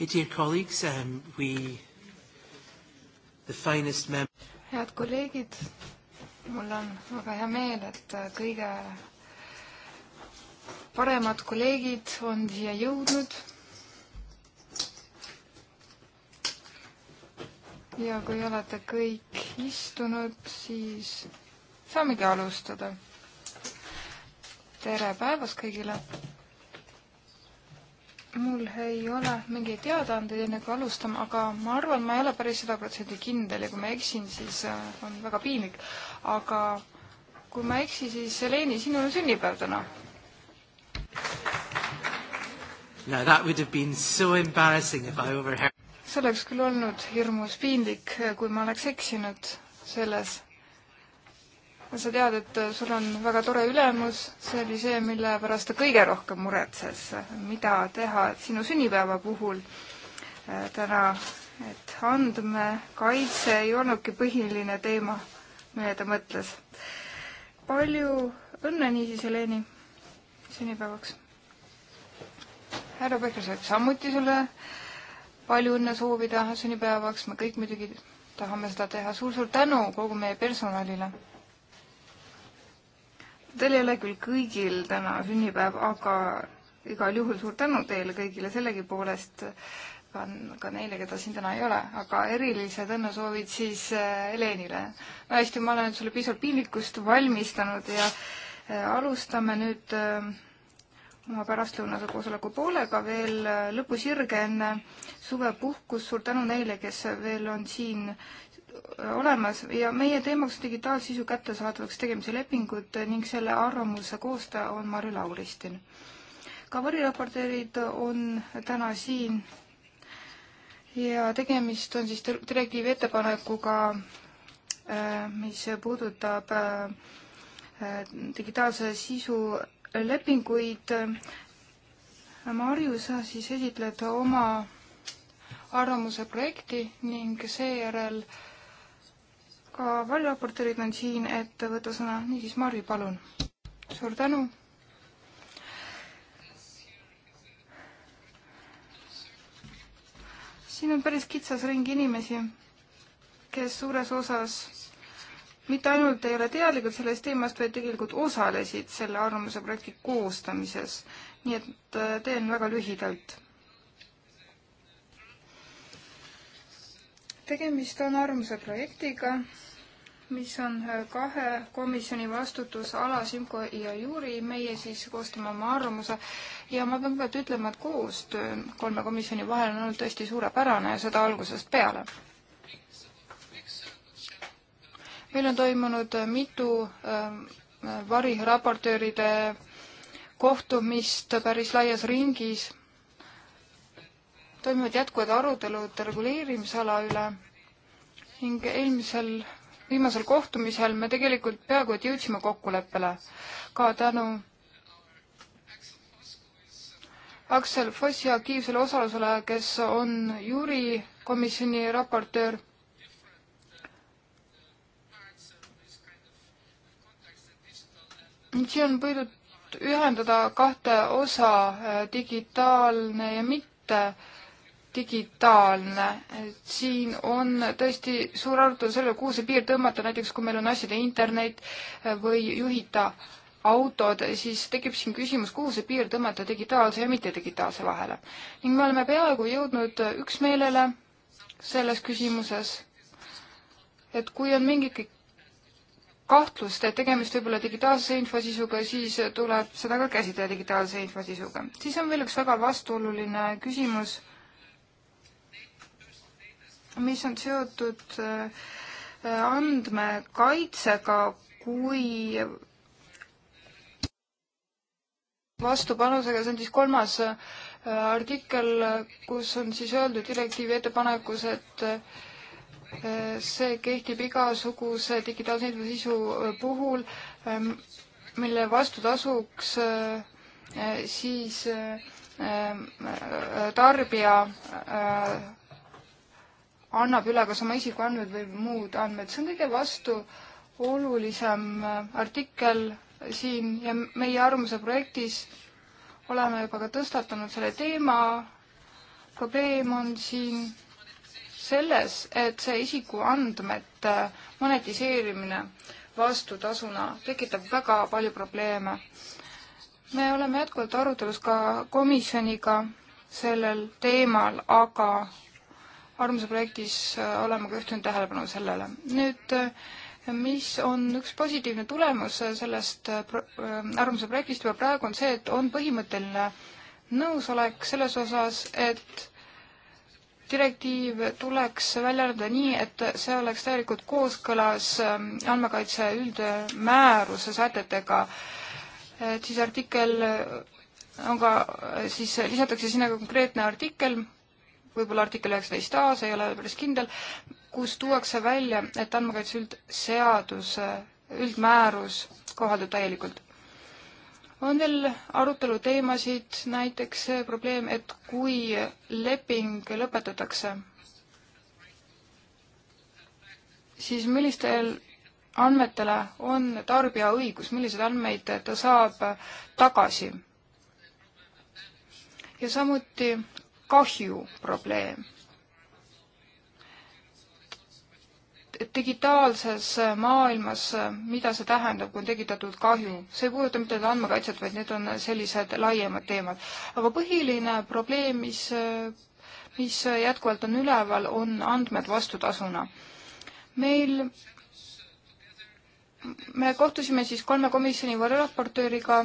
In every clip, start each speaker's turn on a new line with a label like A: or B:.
A: Okay, dear colleagues, um, we, the finest mem-
B: head kolleegid, mul on väga hea meel, et äh, kõige paremad kolleegid on siia jõudnud. ja kui olete kõik istunud, siis saamegi alustada. tere päevast kõigile mul ei ole mingeid teadaandeid enne kui alustame, aga ma arvan, ma ei ole päris sada protsenti kindel ja kui ma eksin, siis äh, on väga piinlik. aga kui ma ei eksi, siis Leeni, sinul on sünnipäev
A: täna. No that would have been so embarrassing if I overheard.
B: see oleks küll olnud hirmus piinlik, kui ma oleks eksinud selles sa tead, et äh, sul on väga tore ülemus, see oli see, mille pärast ta kõige rohkem muretses, mida teha sinu sünnipäeva puhul äh, täna, et andmekaitse ei olnudki põhiline teema, mille ta mõtles. palju õnne niisiis, Heleni, sünnipäevaks! härra Pehkel soovib samuti sulle palju õnne soovida sünnipäevaks, me kõik muidugi tahame seda teha suur,. suur-suur tänu kogu meie personalile Teil ei ole küll kõigil täna sünnipäev, aga igal juhul suur tänu teile kõigile sellegipoolest, ka, ka neile, keda siin täna ei ole, aga erilised õnnesoovid siis äh, Helenile. no hästi, ma olen sulle piisavalt piinlikkust valmistanud ja äh, alustame nüüd äh, oma pärastlõunase koosoleku poolega veel lõpusirge enne suvepuhkust. suur tänu neile, kes veel on siin olemas ja meie teemaks digitaalsisu kättesaadavaks tegemise lepingud ning selle arvamuse koostaja on Marju Lauristin. ka variraportöörid on täna siin ja tegemist on siis direktiivi ettepanekuga, äh, mis puudutab äh, digitaalse sisu lepinguid. Marju, sa siis esitled oma arvamuse projekti ning seejärel äh, ka valveraportöörid on siin, et võtta sõna. niisiis, Marvi, palun. suur tänu. siin on päris kitsas ring inimesi, kes suures osas mitte ainult ei ole teadlikud sellest teemast, vaid tegelikult osalesid selle arvamuse projekti koostamises. nii et äh, teen väga lühidalt tegemist on armsa projektiga, mis on äh, kahe komisjoni vastutusala, Simko ja Juri, meie siis koostame oma arvamuse ja ma pean kõigepealt ütlema, et koostöö kolme komisjoni vahel on olnud tõesti suurepärane ja seda algusest peale meil on toimunud äh, mitu äh, variraportööride kohtumist päris laias ringis. toimuvad jätkuvad arutelud reguleerimisala üle ning eelmisel viimasel kohtumisel me tegelikult peaaegu et jõudsime kokkuleppele ka tänu Aksel Fossi aktiivsele osalusele, kes on juuri komisjoni raportöör siin on püüdnud ühendada kahte osa, digitaalne ja mitte digitaalne, et siin on tõesti suur arutelu selle, kuhu see piir tõmmata, näiteks kui meil on asjade internet äh, või juhita autod, siis tekib siin küsimus, kuhu see piir tõmmata digitaalse ja mittedigitaalse vahele. ning me oleme peaaegu jõudnud üksmeelele selles küsimuses, et kui on mingitki kahtlust, et tegemist võib olla digitaalse infosisuga, siis tuleb seda ka käsitleda digitaalse infosisuga. siis on veel üks väga vastuoluline küsimus mis on seotud äh, andmekaitsega, kui vastupanusega, see on siis kolmas äh, artikkel, kus on siis öeldud direktiivi ettepanekus, et äh, see kehtib igasuguse digitaalse infosisu puhul, ähm, mille vastu tasuks siis tarbija annab üle kas oma isikuandmed või muud andmed, see on kõige vastuolulisem äh, artikkel siin ja meie arvamuse projektis oleme juba ka tõstatanud selle teema. probleem on siin selles, et see isikuandmete monetiseerimine vastutasuna tekitab väga palju probleeme. me oleme jätkuvalt arutelus ka komisjoniga sellel teemal, aga arvamuse projektis äh, oleme ka juhtinud tähelepanu sellele. nüüd äh, mis on üks positiivne tulemus sellest äh, arvamuse projektist juba praegu, on see, et on põhimõtteline nõusolek selles osas, et direktiiv tuleks välja arendada nii, et see oleks täielikult kooskõlas ähm, andmekaitse üldmääruse sätetega. et siis artikkel on ka, siis lisatakse sinna ka konkreetne artikkel võib-olla artikkel üheksateist A, see ei ole päris kindel, kus tuuakse välja, et andmekaitse üldseaduse, üldmäärus kohaldub täielikult. on veel aruteluteemasid, näiteks see probleem, et kui leping lõpetatakse, siis millistel andmetele on tarbija õigus, milliseid andmeid ta saab tagasi? ja samuti kahju probleem. digitaalses maailmas, mida see tähendab, kui on tekitatud kahju, see ei puuduta mitte andmekaitset, vaid need on sellised laiemad teemad. aga põhiline probleem, mis, mis jätkuvalt on üleval, on andmed vastutasuna. meil me kohtusime siis kolme komisjoni variraportööriga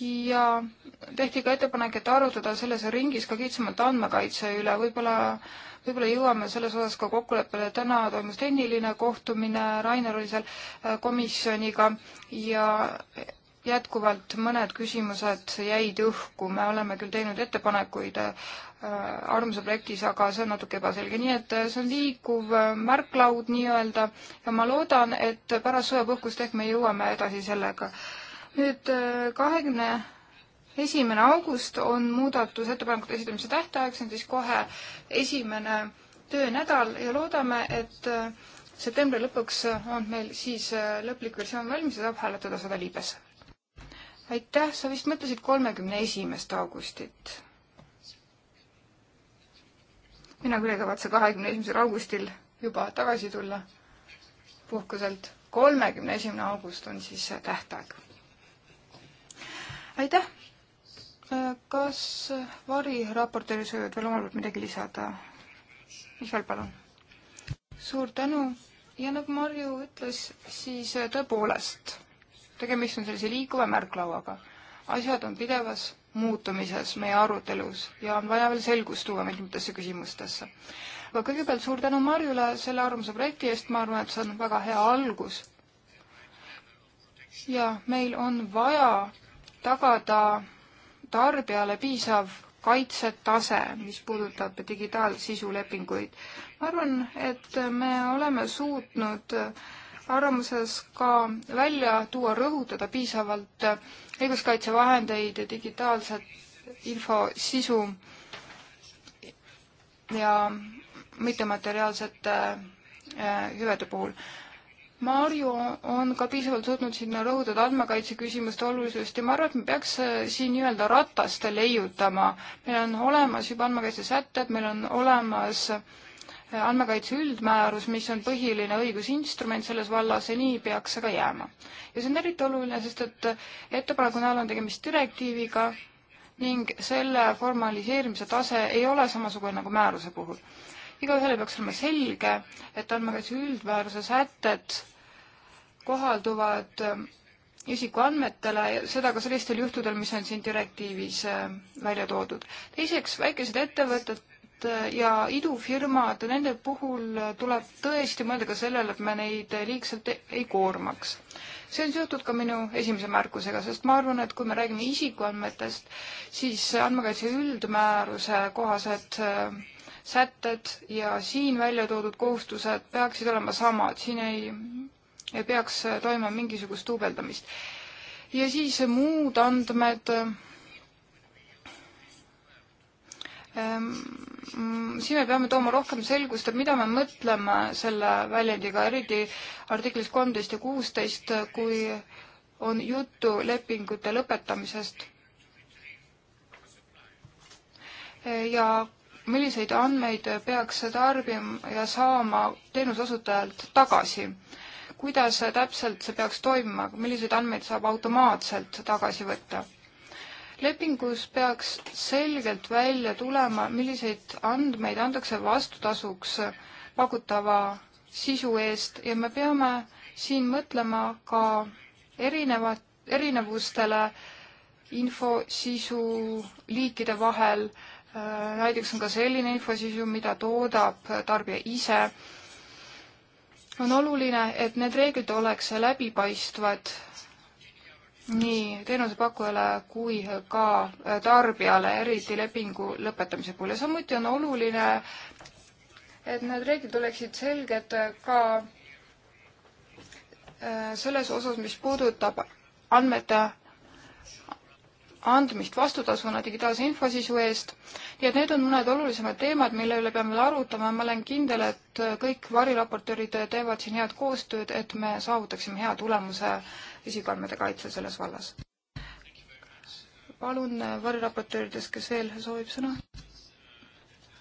B: ja tehti ka ettepanek, et arutada selles ringis ka kitsamalt andmekaitse üle, võib-olla, võib-olla jõuame selles osas ka kokkuleppele. täna toimus tehniline kohtumine, Rainer oli seal äh, komisjoniga ja jätkuvalt mõned küsimused jäid õhku, me oleme küll teinud ettepanekuid äh, armsa projektis, aga see on natuke ebaselge, nii et äh, see on liikuv märklaud nii-öelda ja ma loodan, et pärast sõjapuhkust ehk me jõuame edasi sellega nüüd äh, kahekümne esimene august on muudatusettepanekute esitamise tähtaeg, see on siis kohe esimene töönädal ja loodame, et äh, septembri lõpuks on meil siis äh, lõplik versioon valmis ja saab hääletada seda liibes. aitäh, sa vist mõtlesid kolmekümne esimest augustit? mina küll ei kavatse kahekümne esimesel augustil juba tagasi tulla puhkuselt. kolmekümne esimene august on siis tähtaeg aitäh! Äh, kas variraportööri soovivad veel omalt poolt midagi lisada? Mihhail, palun! suur tänu ja nagu Marju ütles, siis äh, tõepoolest, tegemist on sellise liikuva märklauaga. asjad on pidevas muutumises meie arutelus ja on vaja veel selgust tuua mitmetesse küsimustesse. aga kõigepealt suur tänu Marjule selle armsa projekti eest, ma arvan, et see on väga hea algus. ja meil on vaja tagada tarbijale piisav kaitsetase, mis puudutab digitaalsisulepinguid. ma arvan, et me oleme suutnud arvamuses ka välja tuua, rõhutada piisavalt õiguskaitsevahendeid ja digitaalset info sisu ja mittemateriaalsete eh, hüvede puhul Marju on ka piisavalt suutnud sinna rõhutada andmekaitse küsimuste olulisust ja ma arvan, et me peaks äh, siin nii-öelda ratast leiutama. meil on olemas juba andmekaitsesätted, meil on olemas äh, andmekaitse üldmäärus, mis on põhiline õigusinstrument selles vallas ja nii peaks see ka jääma. ja see on eriti oluline, sest et äh, ettepaneku näol on tegemist direktiiviga ning selle formaliseerimise tase ei ole samasugune nagu määruse puhul. igaühele peaks olema selge, et andmekaitse üldmääruse sätted kohalduvad ähm, isikuandmetele, seda ka sellistel juhtudel, mis on siin direktiivis äh, välja toodud. teiseks, väikesed ettevõtted äh, ja idufirmad, nende puhul äh, tuleb tõesti mõelda ka sellele, et me neid liigselt e-, ei koormaks. see on seotud ka minu esimese märkusega, sest ma arvan, et kui me räägime isikuandmetest, siis andmekaitse üldmääruse kohased sätted ja siin välja toodud kohustused peaksid olema samad, siin ei ei peaks toimuma mingisugust duubeldamist. ja siis muud andmed ehm, mm, siin me peame tooma rohkem selgust, et mida me mõtleme selle väljendiga, eriti artiklis kolmteist ja kuusteist, kui on juttu lepingute lõpetamisest. ja milliseid andmeid peaks tarbima ja saama teenuseosutajalt tagasi kuidas täpselt see peaks toimuma, milliseid andmeid saab automaatselt tagasi võtta? lepingus peaks selgelt välja tulema, milliseid andmeid antakse vastutasuks pakutava sisu eest ja me peame siin mõtlema ka erinevat, erinevustele infosisu liikide vahel, äh, näiteks on ka selline infosisu, mida toodab tarbija ise on oluline, et need reeglid oleks läbipaistvad nii teenusepakkujale kui ka tarbijale, eriti lepingu lõpetamise puhul ja samuti on oluline, et need reeglid oleksid selged ka äh, selles osas, mis puudutab andmete andmist vastutasuna digitaalse infosisu eest. nii et need on mõned olulisemad teemad, mille üle peame veel arutama. ma olen kindel, et kõik variraportöörid teevad siin head koostööd, et me saavutaksime hea tulemuse isikuandmete kaitse selles vallas. palun variraportööridest, kes veel soovib sõna?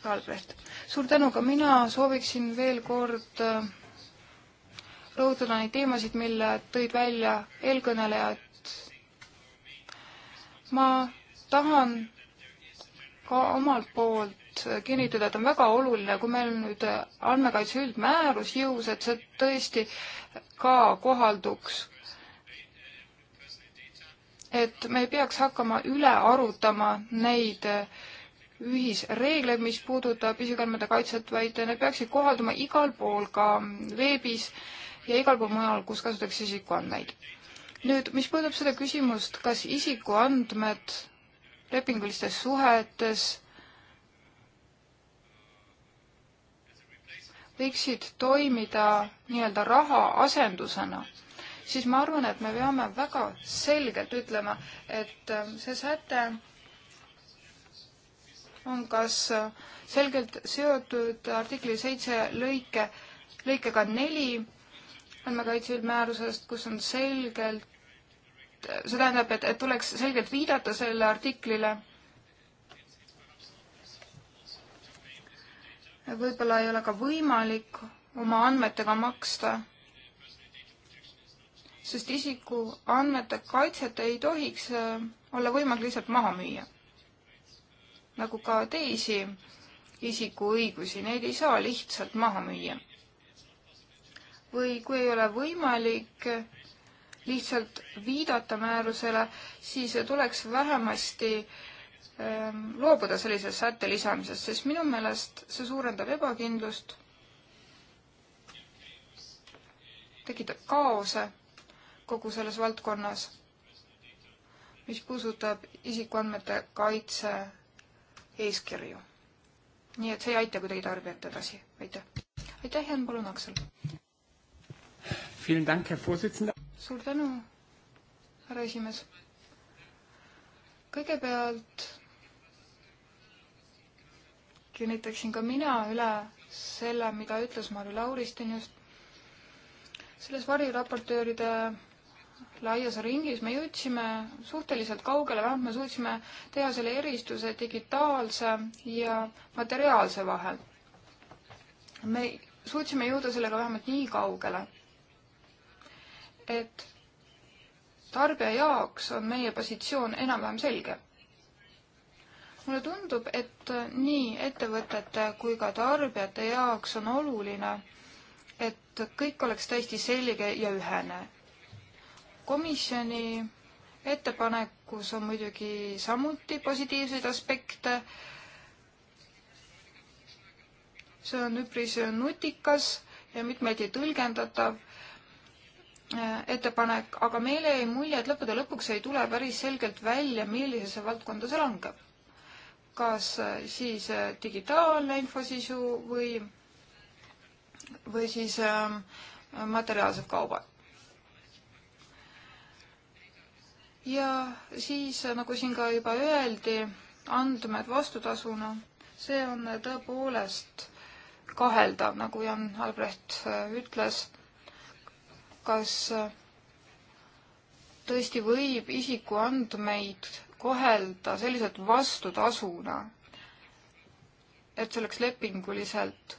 B: Albrecht, suur tänu ka mina sooviksin veel kord äh, rõhutada neid teemasid, mille tõid välja eelkõnelejad ma tahan ka omalt poolt kinnitada, et on väga oluline, kui meil nüüd andmekaitse üldmäärus jõus, et see tõesti ka kohalduks. et me ei peaks hakkama üle arutama neid ühisreegleid, mis puudutab isikuandmete kaitset, vaid need peaksid kohalduma igal pool, ka veebis ja igal pool mujal, kus kasutatakse isikuandmeid nüüd, mis puudutab seda küsimust, kas isikuandmed lepingulistes suhetes võiksid toimida nii-öelda raha asendusena, siis ma arvan, et me peame väga selgelt ütlema, et ähm, see säte on kas äh, selgelt seotud artikli seitse lõike, lõikega neli andmekaitse üldmäärusest, kus on selgelt, see tähendab, et, et tuleks selgelt viidata selle artiklile. võib-olla ei ole ka võimalik oma andmetega maksta, sest isiku andmete kaitset ei tohiks äh, olla võimalik lihtsalt maha müüa. nagu ka teisi isiku õigusi, neid ei saa lihtsalt maha müüa või kui ei ole võimalik lihtsalt viidata määrusele, siis tuleks vähemasti ähm, loobuda sellise sätte lisamisest, sest minu meelest see suurendab ebakindlust, tekitab kaose kogu selles valdkonnas, mis puudutab isikuandmete kaitse eeskirju. nii et see ei aita kuidagi tarbijat edasi, aitäh. aitäh, Jan, palun, Aksel suur tänu, härra esimees. kõigepealt kinnitaksin ka mina üle selle, mida ütles Marju Lauristin just. selles variraportööride laias ringis me jõudsime suhteliselt kaugele, vähemalt me suutsime teha selle eristuse digitaalse ja materiaalse vahel. me suutsime jõuda sellega vähemalt nii kaugele et tarbija jaoks on meie positsioon enam-vähem selge. mulle tundub, et nii ettevõtete kui ka tarbijate jaoks on oluline, et kõik oleks täiesti selge ja ühene. komisjoni ettepanekus on muidugi samuti positiivseid aspekte. see on üpris nutikas ja mitmeti tõlgendatav Äh, ettepanek, aga meile jäi mulje, et lõppude lõpuks ei tule päris selgelt välja, millisesse valdkonda see langeb. kas äh, siis äh, digitaalne infosisu või, või siis ähm, materiaalsed kaubad. ja siis, nagu siin ka juba öeldi, andmed vastutasuna, see on tõepoolest kaheldav, nagu Jan Albrecht ütles kas tõesti võib isikuandmeid kohelda selliselt vastutasuna, et see oleks lepinguliselt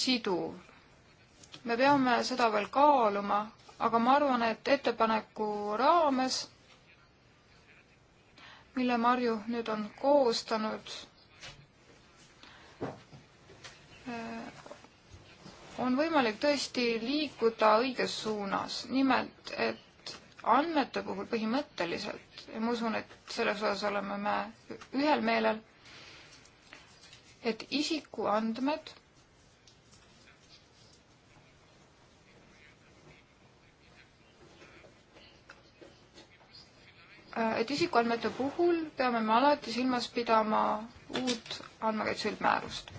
B: siduv. me peame seda veel kaaluma, aga ma arvan, et ettepaneku raames, mille Marju nüüd on koostanud äh,, on võimalik tõesti liikuda õiges suunas. nimelt, et andmete puhul põhimõtteliselt ja ma usun, et selles osas oleme me ühel meelel, et isikuandmed äh, et isikuandmete puhul peame me alati silmas pidama uut andmekaitse üldmäärust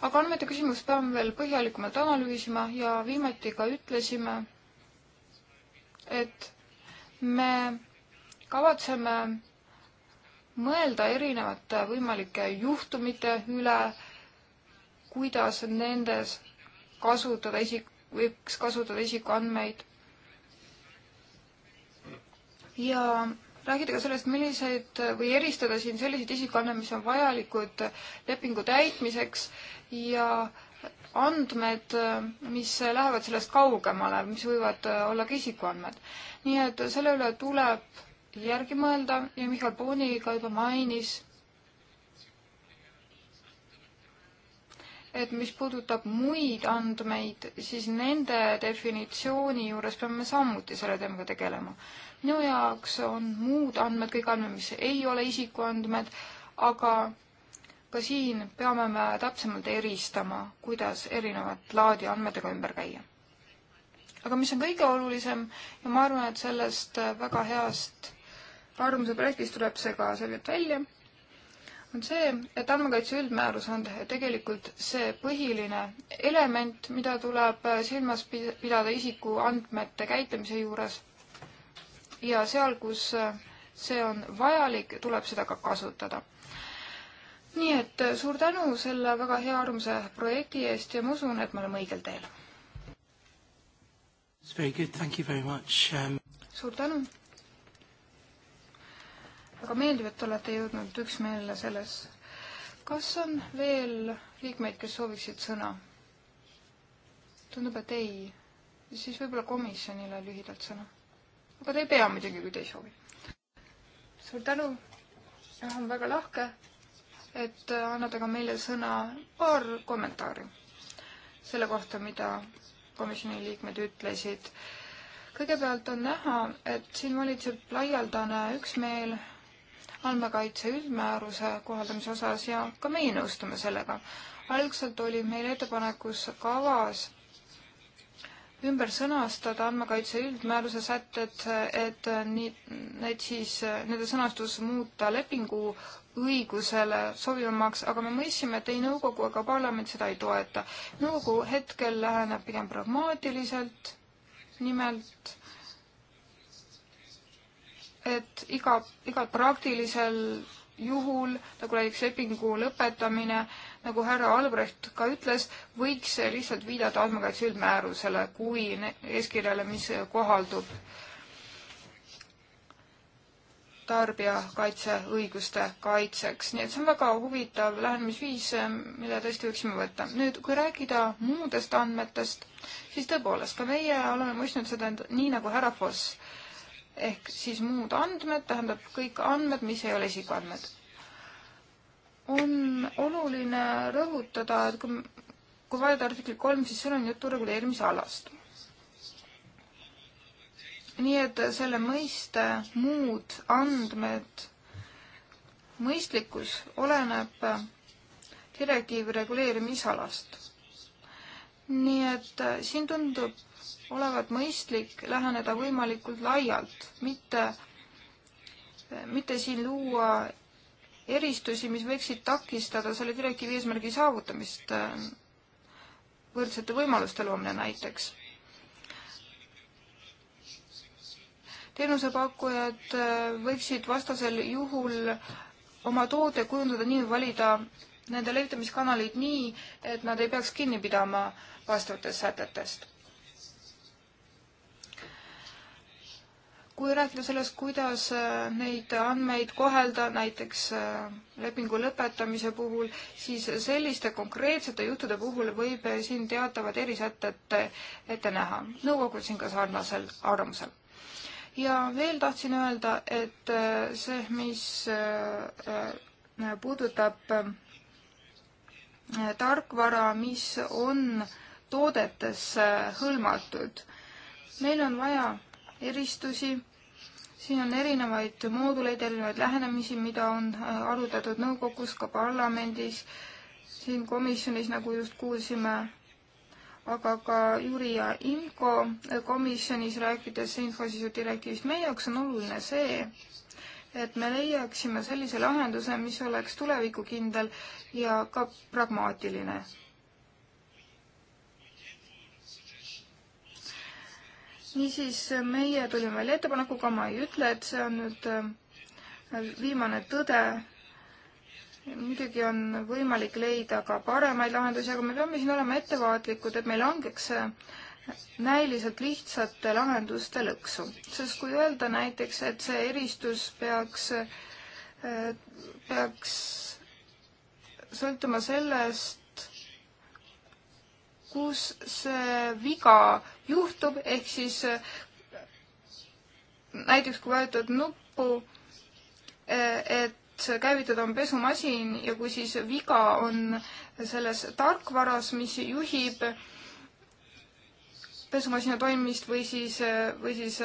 B: aga andmete küsimust peame veel põhjalikumalt analüüsima ja viimati ka ütlesime, et me kavatseme mõelda erinevate võimalike juhtumite üle, kuidas nendes kasutada isik, võiks kasutada isikuandmeid. ja rääkida ka sellest, milliseid või eristada siin selliseid isikuandmeid, mis on vajalikud lepingu täitmiseks ja andmed, mis lähevad sellest kaugemale, mis võivad äh, olla ka isikuandmed. nii et selle üle tuleb järgi mõelda ja Mihhail Pooni ka juba mainis, et mis puudutab muid andmeid, siis nende definitsiooni juures peame samuti selle teemaga tegelema. minu jaoks on muud andmed kõik andmed, mis ei ole isikuandmed, aga ka siin peame me täpsemalt eristama, kuidas erinevat laadi andmetega ümber käia. aga mis on kõige olulisem ja ma arvan, et sellest väga heast armsa projektist tuleb see ka selgelt välja, on see, et andmekaitse üldmäärus on tegelikult see põhiline element, mida tuleb silmas pidada isiku andmete käitlemise juures. ja seal, kus see on vajalik, tuleb seda ka kasutada nii et äh, suur tänu selle väga hea armsa projekti eest ja ma usun, et me oleme õigel teel.
A: Um...
B: suur tänu. väga meeldiv, et olete jõudnud üksmeelele selles. kas on veel liikmeid, kes sooviksid sõna? tundub, et ei. siis võib-olla komisjonile lühidalt sõna. aga te ei pea muidugi, kui te ei soovi. suur tänu. jah, on väga lahke et annate ka meile sõna paar kommentaari selle kohta, mida komisjoni liikmed ütlesid. kõigepealt on näha, et siin valitseb laialdane üksmeel andmekaitse üldmääruse kohaldamise osas ja ka meie nõustume sellega. algselt oli meil ettepanekus kavas ümber sõnastada andmekaitse üldmääruse sätted, et nii, need siis, nende sõnastus muuta lepingu õigusele sobivamaks, aga me mõistsime, et ei nõukogu ega parlament seda ei toeta. nõukogu hetkel läheneb pigem pragmaatiliselt, nimelt et iga, igal praktilisel juhul, nagu näiteks lepingu lõpetamine äh,, nagu härra Albrecht ka ütles, võiks lihtsalt viidata andmekaitse üldmäärusele kui eeskirjale, mis kohaldub tarbijakaitseõiguste kaitseks. nii et see on väga huvitav lähenemisviis, mille tõesti võiksime võtta. nüüd, kui rääkida muudest andmetest, siis tõepoolest, ka meie oleme mõistnud seda nii nagu härra Foss. ehk siis muud andmed tähendab kõik andmed, mis ei ole isikuandmed on oluline rõhutada, et kui, kui vaadata artikli kolm, siis seal on juttu reguleerimisalast. nii et selle mõiste muud andmed, mõistlikkus oleneb direktiivi reguleerimisalast. nii et siin tundub olevat mõistlik läheneda võimalikult laialt, mitte, mitte siin luua eristusi, mis võiksid takistada selle direktiivi eesmärgi saavutamist, äh, võrdsete võimaluste loomine näiteks. teenusepakkujad äh, võiksid vastasel juhul oma toode kujundada nii, valida nende levitamiskanalid nii, et nad ei peaks kinni pidama vastavatest sätetest kui rääkida sellest, kuidas äh, neid andmeid kohelda näiteks äh, lepingu lõpetamise puhul, siis selliste konkreetsete juhtude puhul võib äh, siin teatavad erisätted ette näha. nõukogu siin ka sarnasel arvamusel. ja veel tahtsin öelda, et see, mis puudutab tarkvara, mis on toodetesse hõlmatud, meil on vaja eristusi. siin on erinevaid mooduleid, erinevaid lähenemisi, mida on äh, arutatud nõukogus, ka parlamendis, siin komisjonis, nagu just kuulsime, aga ka Jüri ja Inko äh, komisjonis rääkides infosisu direktiivist, meie jaoks on oluline see, et me leiaksime sellise lahenduse, mis oleks tulevikukindel ja ka pragmaatiline niisiis, meie tulime välja ettepanekuga, ma ei ütle, et see on nüüd äh, viimane tõde. muidugi on võimalik leida ka paremaid lahendusi, aga me peame siin olema ettevaatlikud, et me ei langeks äh, näiliselt lihtsate lahenduste lõksu. sest kui öelda näiteks, et see eristus peaks, äh, peaks sõltuma sellest, kus see viga juhtub, ehk siis äh, näiteks kui vajutad nuppu, äh, et käivitada on pesumasin ja kui siis viga on selles tarkvaras, mis juhib pesumasina toimimist või siis, äh, või siis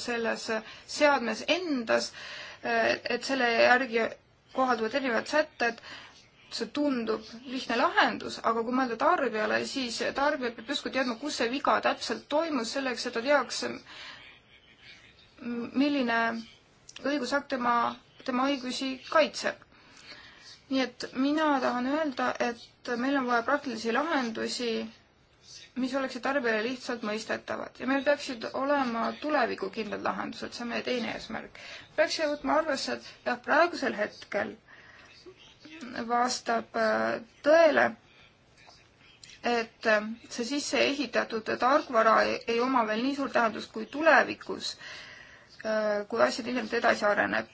B: selles seadmes endas, et selle järgi kohalduvad erinevad sätted see tundub lihtne lahendus, aga kui mõelda tarbijale, siis tarbija peab justkui teadma, kus see viga täpselt toimus, selleks et ta teaks, milline õigusakt tema, tema õigusi kaitseb. nii et mina tahan öelda, et meil on vaja praktilisi lahendusi, mis oleksid tarbijale lihtsalt mõistetavad ja meil peaksid olema tulevikukindlad lahendused, see on meie teine eesmärk. peaks võtma arvesse, et jah, praegusel hetkel vastab äh, tõele, et äh, see sisse ehitatud tarkvara ei oma veel nii suurt tähendust kui tulevikus, äh, kui asjad ilmselt edasi areneb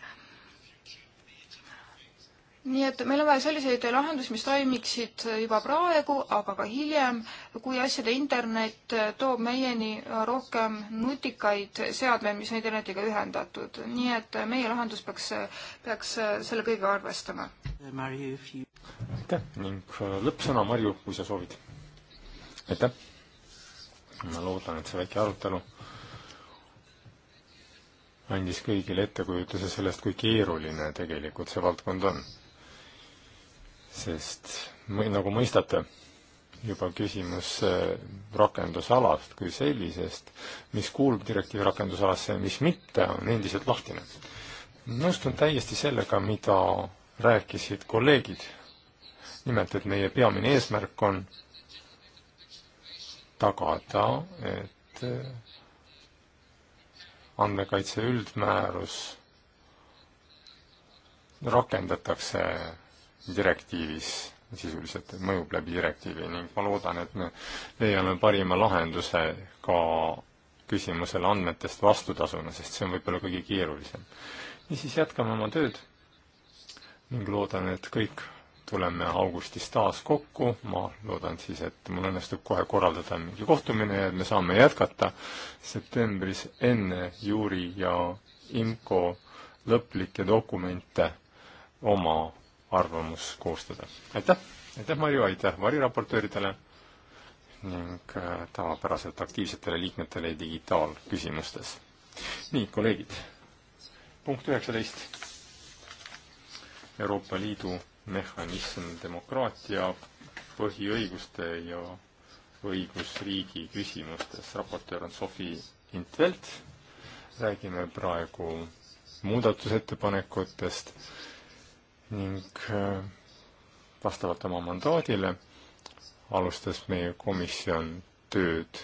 B: nii et meil on vaja selliseid lahendusi, mis toimiksid juba praegu, aga ka hiljem, kui asjade internet toob meieni rohkem nutikaid seadmeid, mis on internetiga ühendatud. nii et meie lahendus peaks, peaks selle kõigega arvestama.
C: aitäh ning äh, lõppsõna, Marju, kui sa soovid. aitäh. ma loodan, et see väike arutelu andis kõigile ettekujutuse sellest, kui keeruline tegelikult see valdkond on sest nagu mõistate, juba küsimus eh, rakendusalast kui sellisest, mis kuulub direktiivi rakendusalasse ja mis mitte, on endiselt lahtine. nõustun täiesti sellega, mida rääkisid kolleegid. nimelt, et meie peamine eesmärk on tagada, et eh, andmekaitse üldmäärus rakendatakse direktiivis, sisuliselt mõjub läbi direktiivi ning ma loodan, et me leiame parima lahenduse ka küsimusele andmetest vastutasuna, sest see on võib-olla kõige keerulisem. niisiis jätkame oma tööd ning loodan, et kõik tuleme augustis taas kokku, ma loodan siis, et mul õnnestub kohe korraldada mingi kohtumine ja et me saame jätkata septembris enne juuri ja IMCO lõplikke dokumente oma arvamus koostada. aitäh, aitäh Marju, aitäh variraportööridele ning äh, tavapäraselt aktiivsetele liikmetele digitaalküsimustes. nii, kolleegid, punkt üheksateist. Euroopa Liidu mehhanism demokraatia põhiõiguste ja õigusriigi küsimustes. raportöör on Sofi Intvelt. räägime praegu muudatusettepanekutest ning äh, vastavalt oma mandaadile alustas meie komisjon tööd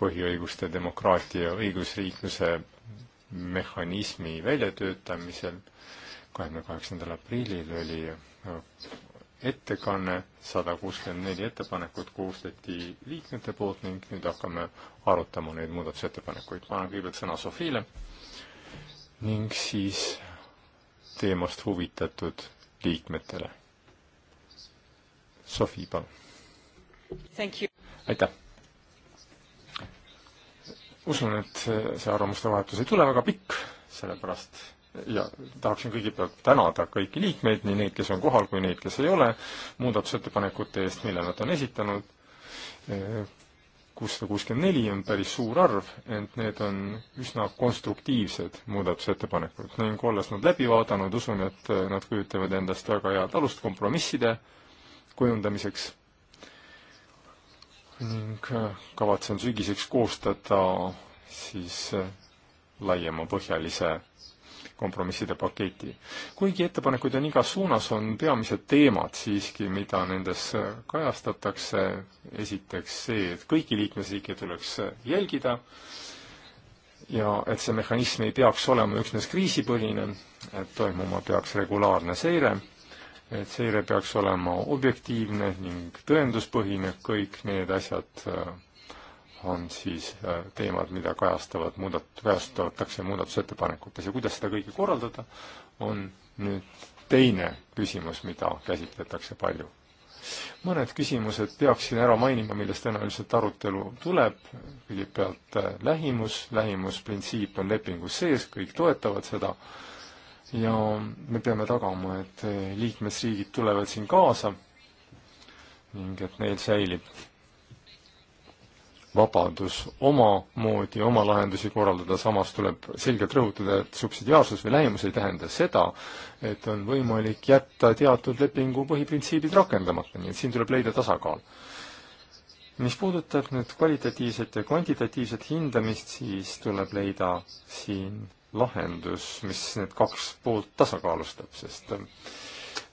C: põhiõiguste demokraatia õigusriikluse mehhanismi väljatöötamisel. kahekümne kaheksandal aprillil oli äh, ettekanne, sada kuuskümmend neli ettepanekut koostati liikmete poolt ning nüüd hakkame arutama neid muudatusettepanekuid. ma annan kõigepealt sõna Sofiile ning siis teemast huvitatud liikmetele. Sofi, palun. aitäh! usun, et see arvamuste vahetus ei tule väga pikk, sellepärast ja tahaksin kõigepealt tänada kõiki liikmeid, nii neid, kes on kohal, kui neid, kes ei ole, muudatusettepanekute eest, mille nad on esitanud, kuussada kuuskümmend neli on päris suur arv, ent need on üsna konstruktiivsed muudatusettepanekud ning olles nad läbi vaadanud, usun, et nad kujutavad endast väga head alust kompromisside kujundamiseks ning kavatsen sügiseks koostada siis laiemapõhjalise kompromisside paketi. kuigi ettepanekuid on igas suunas, on peamised teemad siiski, mida nendes kajastatakse, esiteks see, et kõiki liikmesriike tuleks jälgida ja et see mehhanism ei peaks olema üksnes kriisipõhine, et toimuma peaks regulaarne seire, et seire peaks olema objektiivne ning tõenduspõhine, kõik need asjad on siis äh, teemad, mida kajastavad muudat-, kajastatakse muudatusettepanekutes ja kuidas seda kõike korraldada, on nüüd teine küsimus, mida käsitletakse palju. mõned küsimused peaksin ära mainima, millest tõenäoliselt arutelu tuleb, kõigepealt äh, lähimus, lähimusprintsiip on lepingus sees, kõik toetavad seda, ja me peame tagama, et äh, liikmesriigid tulevad siin kaasa ning et neil säilib vabadus omamoodi oma lahendusi korraldada, samas tuleb selgelt rõhutada, et subsidiaarsus või lähimus ei tähenda seda, et on võimalik jätta teatud lepingu põhiprintsiibid rakendamata, nii et siin tuleb leida tasakaal. mis puudutab nüüd kvalitatiivset ja kvantitatiivset hindamist, siis tuleb leida siin lahendus, mis need kaks poolt tasakaalustab, sest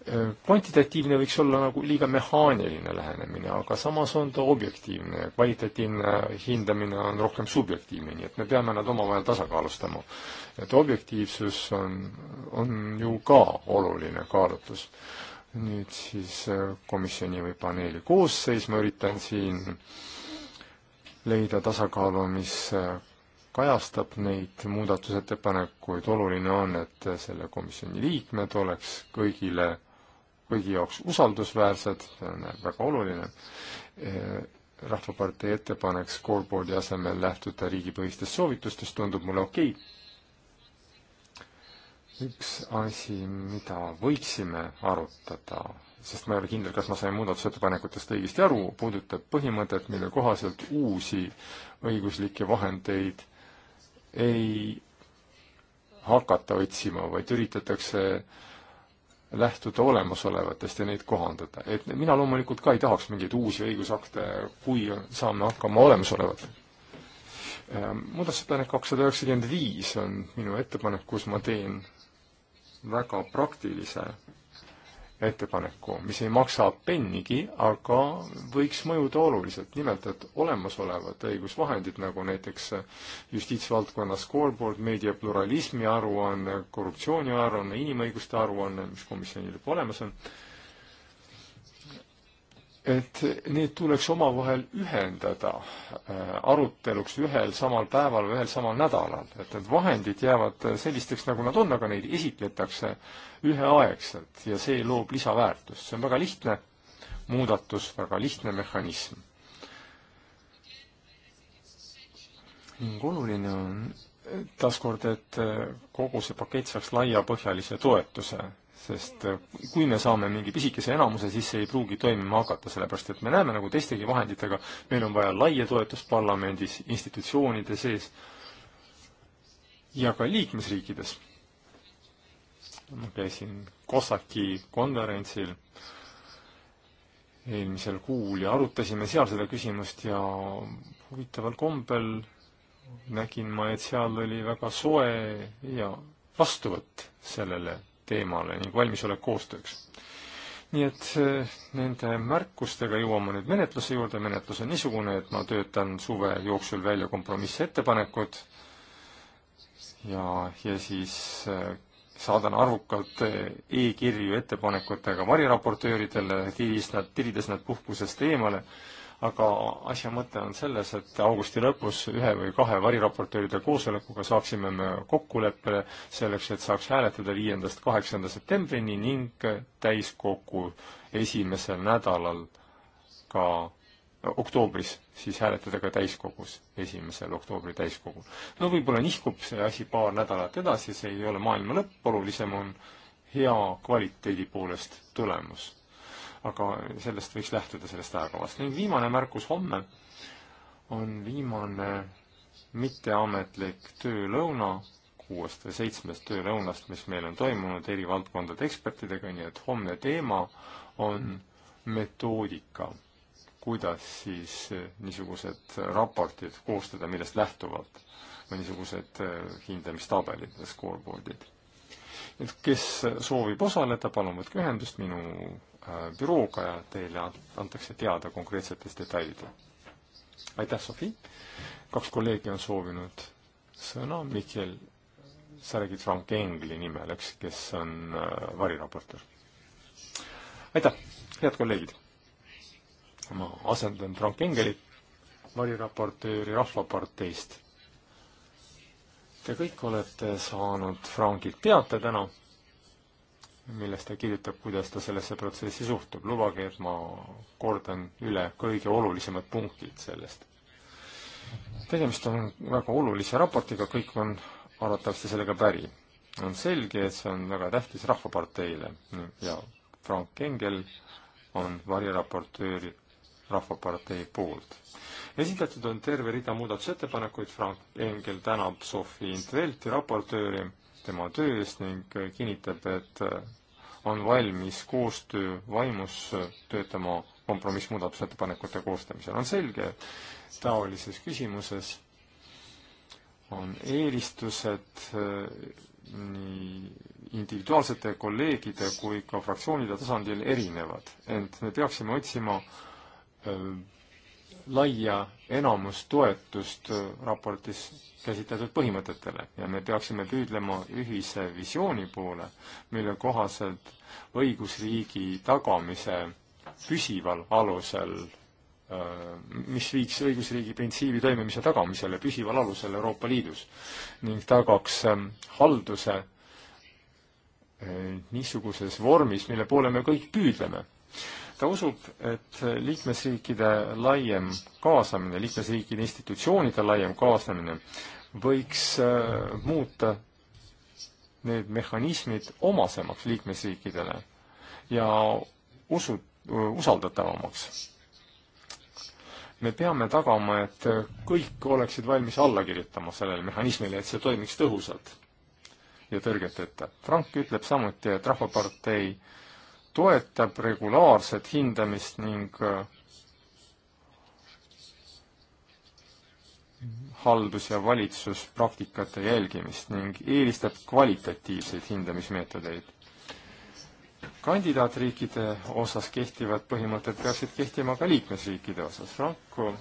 C: Äh, kvantitatiivne võiks olla nagu liiga mehaaniline lähenemine, aga samas on ta objektiivne ja kvalitatiivne hindamine on rohkem subjektiivne, nii et me peame nad omavahel tasakaalustama. et objektiivsus on, on ju ka oluline kaalutlus. nüüd siis äh, komisjoni või paneeli koosseis, ma üritan siin leida tasakaalu, mis äh, kajastab neid muudatusettepanekuid, oluline on, et selle komisjoni liikmed oleks kõigile kõigi jaoks usaldusväärsed, see on väga oluline, Rahvapartei ettepanek scoreboardi asemel lähtuda riigipõhistest soovitustest tundub mulle okei okay.. üks asi, mida võiksime arutada, sest ma ei ole kindel, kas ma sain muudatusettepanekutest õigesti aru, puudutab põhimõtet, mille kohaselt uusi õiguslikke vahendeid ei hakata otsima, vaid üritatakse äh, lähtuda olemasolevatest ja neid kohandada. et mina loomulikult ka ei tahaks mingeid uusi õigusakte, kui saame hakkama olemasolevatega. Ähm, muudatusettepanek kakssada üheksakümmend viis on minu ettepanek, kus ma teen väga praktilise ettepaneku, mis ei maksa pennigi, aga võiks mõjuda oluliselt. nimelt, et olemasolevad õigusvahendid, nagu näiteks justiitsvaldkonna scoreboard, meediapluralismi aruanne, korruptsiooni aruanne, inimõiguste aruanne, mis komisjonil juba olemas on, et need tuleks omavahel ühendada äh, aruteluks ühel samal päeval või ühel samal nädalal, et need vahendid jäävad äh, sellisteks, nagu nad on, aga neid esitletakse üheaegselt ja see loob lisaväärtust. see on väga lihtne muudatus, väga lihtne mehhanism. ning oluline on äh, taaskord, et kogu see pakett saaks laiapõhjalise toetuse sest äh, kui me saame mingi pisikese enamuse, siis see ei pruugi toimima hakata, sellepärast et me näeme nagu teistegi vahenditega, meil on vaja laia toetust parlamendis, institutsioonide sees ja ka liikmesriikides. ma käisin COSAC-i konverentsil eelmisel kuul ja arutasime seal seda küsimust ja huvitaval kombel nägin ma, et seal oli väga soe ja vastuvõtt sellele teemale ning valmisolek koostööks. nii et eh, nende märkustega jõuame nüüd menetluse juurde, menetlus on niisugune, et ma töötan suve jooksul välja kompromissettepanekud ja, ja siis eh, saadan arvukalt eh, e-kirju ettepanekutega variraportööridele, tirides nad, tirides nad puhkusest eemale aga asja mõte on selles, et augusti lõpus ühe või kahe variraportööride koosolekuga saaksime me kokkuleppele selleks, et saaks hääletada viiendast kaheksanda septembrini ning täiskokku esimesel nädalal ka oktoobris siis hääletada ka täiskogus, esimesel oktoobri täiskogul. no võib-olla nihkub see asi paar nädalat edasi, see ei ole maailma lõpp, olulisem on hea kvaliteedi poolest tulemus aga sellest võiks lähtuda, sellest ajakavast. ning viimane märkus homme on viimane mitteametlik töölõuna, kuuest või seitsmest töölõunast, mis meil on toimunud eri valdkondade ekspertidega, nii et homne teema on metoodika, kuidas siis eh, niisugused raportid koostada, millest lähtuvalt või niisugused eh, hindamistabelid ja scoreboard'id. et kes soovib osaleda, palun võtke ühendust, minu Äh, bürooga ja teile antakse teada konkreetsetest detailidest. aitäh, Sofi! kaks kolleegi on soovinud sõna, Mihkel, sa räägid Frank Engli nimel, eks, kes on äh, variraportöör. aitäh, head kolleegid! ma asendan Frank Engelit, variraportööri Rahvaparteist. Te kõik olete saanud Frankilt teate täna milles ta kirjutab, kuidas ta sellesse protsessi suhtub. lubage, et ma kordan üle kõige olulisemad punktid sellest. tegemist on väga olulise raportiga, kõik on arvatavasti sellega päri. on selge, et see on väga tähtis Rahvaparteile ja Frank Engel on variraportööri Rahvapartei poolt. esitatud on terve rida muudatusettepanekuid, Frank Engel tänab Sofi Intvelti raportööri tema töö eest ning kinnitab, et äh, on valmis koostöö vaimus äh, töötama kompromissmuudatusettepanekute koostamisel. on selge, et taolises küsimuses on eelistused äh, nii individuaalsete kolleegide kui ka fraktsioonide tasandil erinevad, ent me peaksime otsima laia enamustoetust raportis käsitletud põhimõtetele ja me peaksime püüdlema ühise visiooni poole, mille kohaselt õigusriigi tagamise püsival alusel, äh, mis viiks õigusriigi printsiibi toimimise tagamisele püsival alusel Euroopa Liidus ning tagaks äh, halduse äh, niisuguses vormis, mille poole me kõik püüdleme ta usub, et liikmesriikide laiem kaasamine, liikmesriikide institutsioonide laiem kaasamine võiks äh, muuta need mehhanismid omasemaks liikmesriikidele ja usu, usaldatavamaks. me peame tagama, et kõik oleksid valmis alla kirjutama sellele mehhanismile, et see toimiks tõhusalt ja tõrgeteta. Frank ütleb samuti, et Rahvapartei toetab regulaarset hindamist ning äh, haldus- ja valitsuspraktikate jälgimist ning eelistab kvalitatiivseid hindamismeetodeid. kandidaatriikide osas kehtivad põhimõtted peaksid kehtima ka liikmesriikide osas. Franco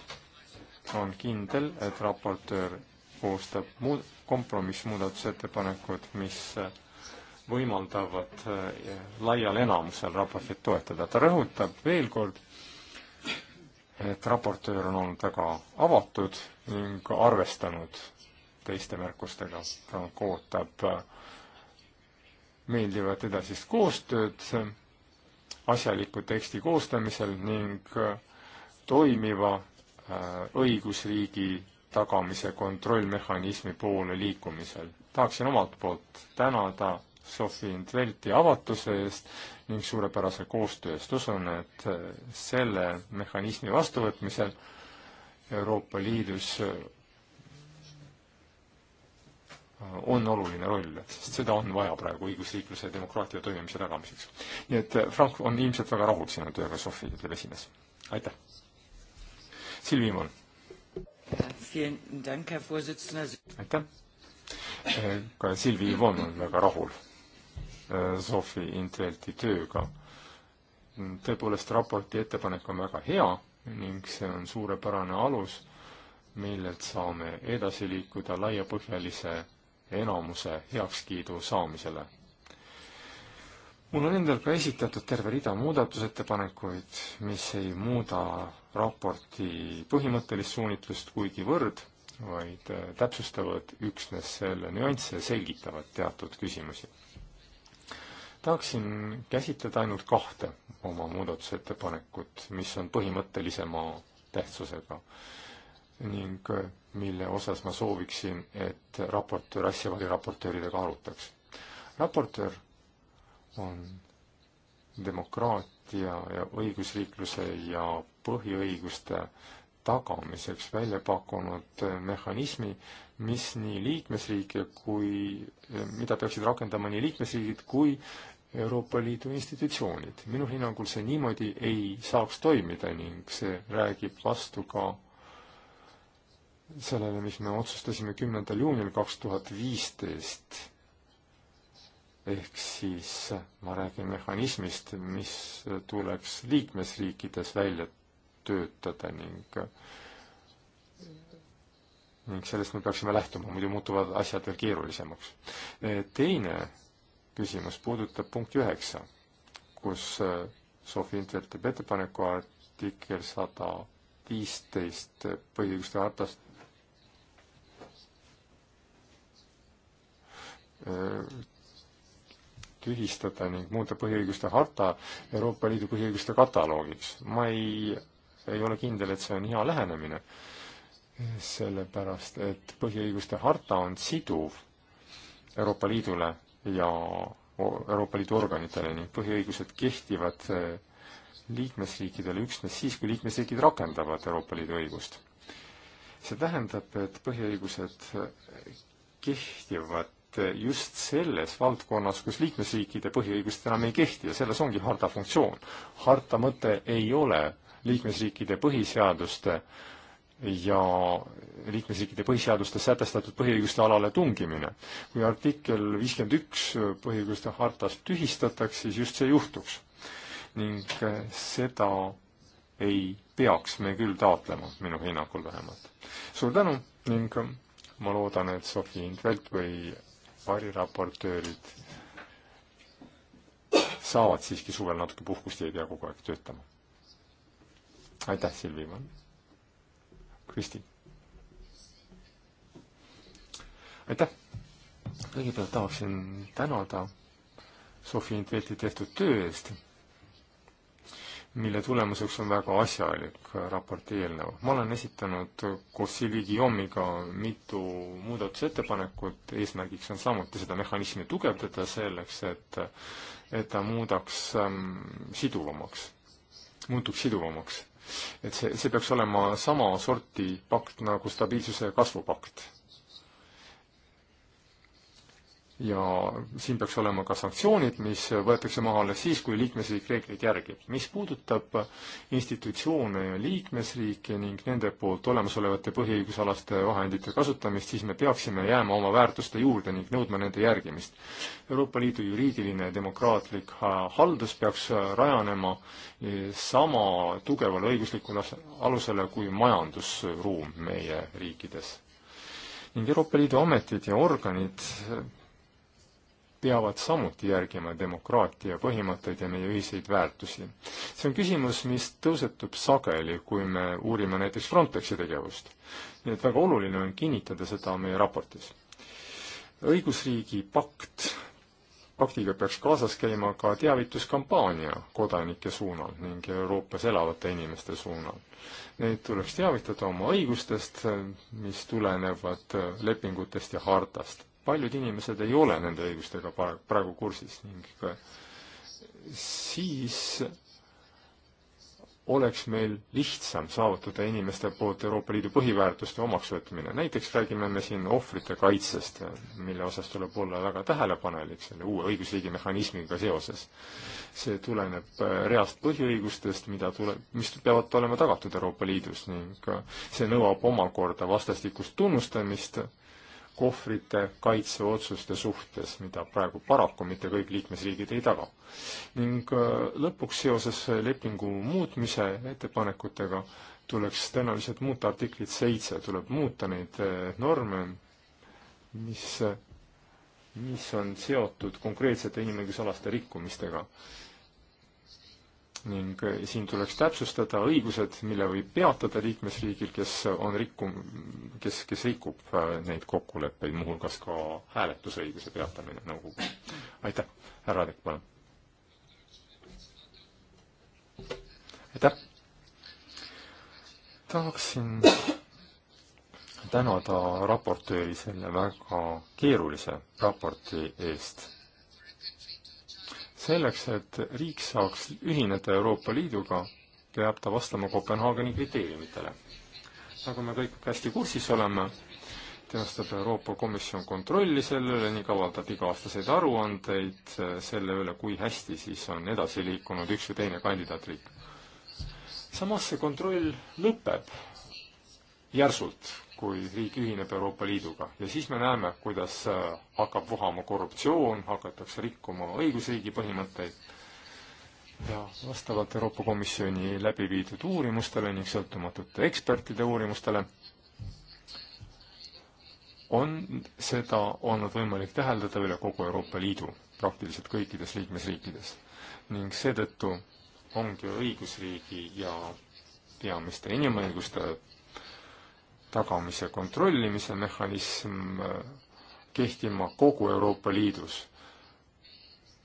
C: on kindel, et raportöör koostab mu-, kompromissmuudatusettepanekud, mis võimaldavad eh, laial enamusel raportit toetada. ta rõhutab veel kord, et raportöör on olnud väga avatud ning arvestanud teiste märkustega. Frank ootab meeldivat edasist koostööd asjaliku teksti koostamisel ning toimiva äh, õigusriigi tagamise kontrollmehhanismi poole liikumisel. tahaksin omalt poolt tänada Sofi Intvelti avatuse eest ning suurepärase koostöö eest. usun, et äh, selle mehhanismi vastuvõtmisel Euroopa Liidus äh, on oluline roll, sest seda on vaja praegu õigusriikluse ja demokraatia toimimise tagamiseks. nii et äh, Frank on ilmselt väga rahul sinu tööga, Sofi, ütleb esimees. aitäh. Silvi Imon. aitäh. Äh, ka Silvi Imon on väga rahul Sofi Intvelti tööga. tõepoolest, raporti ettepanek on väga hea ning see on suurepärane alus, millelt saame edasi liikuda laiapõhjalise enamuse heakskiidu saamisele. mul on endal ka esitatud terve rida muudatusettepanekuid, mis ei muuda raporti põhimõttelist suunitlust kuigivõrd, vaid täpsustavad üksnes selle nüansse ja selgitavad teatud küsimusi tahaksin käsitleda ainult kahte oma muudatusettepanekut, mis on põhimõttelisema tähtsusega ning äh, mille osas ma sooviksin, et raportöör asja valiraportööridega arutaks. raportöör on demokraatia ja õigusriikluse ja põhiõiguste tagamiseks välja pakkunud äh, mehhanismi, mis nii liikmesriike kui, äh, mida peaksid rakendama nii liikmesriigid kui Euroopa Liidu institutsioonid. minu hinnangul see niimoodi ei saaks toimida ning see räägib vastu ka sellele, mis me otsustasime kümnendal juunil kaks tuhat viisteist. ehk siis ma räägin mehhanismist, mis tuleks liikmesriikides välja töötada ning ning sellest me peaksime lähtuma, muidu muutuvad asjad veel keerulisemaks. Teine küsimus puudutab punkti üheksa, kus äh, Sofi Inter teeb ettepaneku artikkel sada viisteist põhiõiguste hartast äh, tühistada ning muuta põhiõiguste harta Euroopa Liidu põhiõiguste kataloogiks. ma ei, ei ole kindel, et see on hea lähenemine, sellepärast et põhiõiguste harta on siduv Euroopa Liidule ja Euroopa Liidu organitele ning põhiõigused kehtivad eh, liikmesriikidele üksnes siis, kui liikmesriigid rakendavad Euroopa Liidu õigust. see tähendab, et põhiõigused eh, kehtivad eh, just selles valdkonnas, kus liikmesriikide põhiõigused enam ei kehti ja selles ongi harta funktsioon. harta mõte ei ole liikmesriikide põhiseaduste äh, ja liikmesriikide põhiseadustes sätestatud põhiõiguste alale tungimine. kui artikkel viiskümmend üks põhiõiguste hartast tühistataks, siis just see juhtuks. ning eh, seda ei peaks me küll taotlema, minu hinnangul vähemalt. suur tänu ning eh, ma loodan, et Sofi Indvelt või variraportöörid saavad siiski suvel natuke puhkust ja ei pea kogu aeg töötama. aitäh, Silvi Ivan! Kristi. aitäh! kõigepealt tahaksin tänada Sofi Intvelti tehtud töö eest, mille tulemuseks on väga asjalik raporti eelnõu. ma olen esitanud koos Silvi Guillaume'iga mitu muudatusettepanekut, eesmärgiks on samuti seda mehhanismi tugevdada selleks, et, et ta muudaks ähm, siduvamaks, muutuks siduvamaks et see, see peaks olema sama sorti pakt nagu stabiilsuse ja kasvu pakt ja siin peaks olema ka sanktsioonid, mis võetakse maha alles siis, kui liikmesriik reegleid järgib. mis puudutab institutsioone ja liikmesriike ning nende poolt olemasolevate põhiõigusalaste vahendite kasutamist, siis me peaksime jääma oma väärtuste juurde ning nõudma nende järgimist. Euroopa Liidu juriidiline demokraatlik haldus peaks rajanema sama tugevale õiguslikule alusele kui majandusruum meie riikides ning Euroopa Liidu ametid ja organid peavad samuti järgima demokraatia põhimõtteid ja meie ühiseid väärtusi. see on küsimus, mis tõusetub sageli, kui me uurime näiteks Frontexi tegevust. nii et väga oluline on kinnitada seda meie raportis. õigusriigi pakt, paktiga peaks kaasas käima ka teavituskampaania kodanike suunal ning Euroopas elavate inimeste suunal. Neid tuleks teavitada oma õigustest, mis tulenevad lepingutest ja hardast paljud inimesed ei ole nende õigustega praegu kursis ning siis oleks meil lihtsam saavutada inimeste poolt Euroopa Liidu põhiväärtuste omaksvõtmine. näiteks räägime me siin ohvrite kaitsest, mille osas tuleb olla väga tähelepanelik selle uue õigusriigi mehhanismiga seoses. see tuleneb äh, reast põhiõigustest, mida tuleb, mis peavad olema tagatud Euroopa Liidus ning äh, see nõuab omakorda vastastikust tunnustamist kohvrite kaitseotsuste suhtes, mida praegu paraku mitte kõik liikmesriigid ei taga. ning äh, lõpuks seoses lepingu muutmise ettepanekutega tuleks tõenäoliselt muuta artiklit seitse, tuleb muuta neid äh, norme, mis, mis on seotud konkreetsete inimõigusalaste rikkumistega ning eh, siin tuleks täpsustada õigused, mille võib peatada liikmesriigil, kes on rikkum-, kes, kes rikub eh, neid kokkuleppeid, muuhulgas ka hääletusõiguse peatamine nõukogus. aitäh, härra Adek, palun. aitäh. tahaksin tänada raportööri selle väga keerulise raporti eest selleks, et riik saaks ühineda Euroopa Liiduga, peab ta vastama Kopenhaageni kriteeriumitele. nagu me kõik hästi kursis oleme, teostab Euroopa Komisjon kontrolli selle üle ning avaldab iga-aastaseid aruandeid selle üle, kui hästi siis on edasi liikunud üks või teine kandidaatriik. samas see kontroll lõpeb järsult kui riik ühineb Euroopa Liiduga ja siis me näeme, kuidas äh, hakkab vohama korruptsioon, hakatakse rikkuma õigusriigi põhimõtteid ja vastavalt Euroopa Komisjoni läbi viidud uurimustele ning sõltumatute ekspertide uurimustele on seda olnud võimalik täheldada üle kogu Euroopa Liidu, praktiliselt kõikides liikmesriikides ning seetõttu ongi õigusriigi ja peamiste inimõiguste tagamise kontrollimise mehhanism äh, kehtima kogu Euroopa Liidus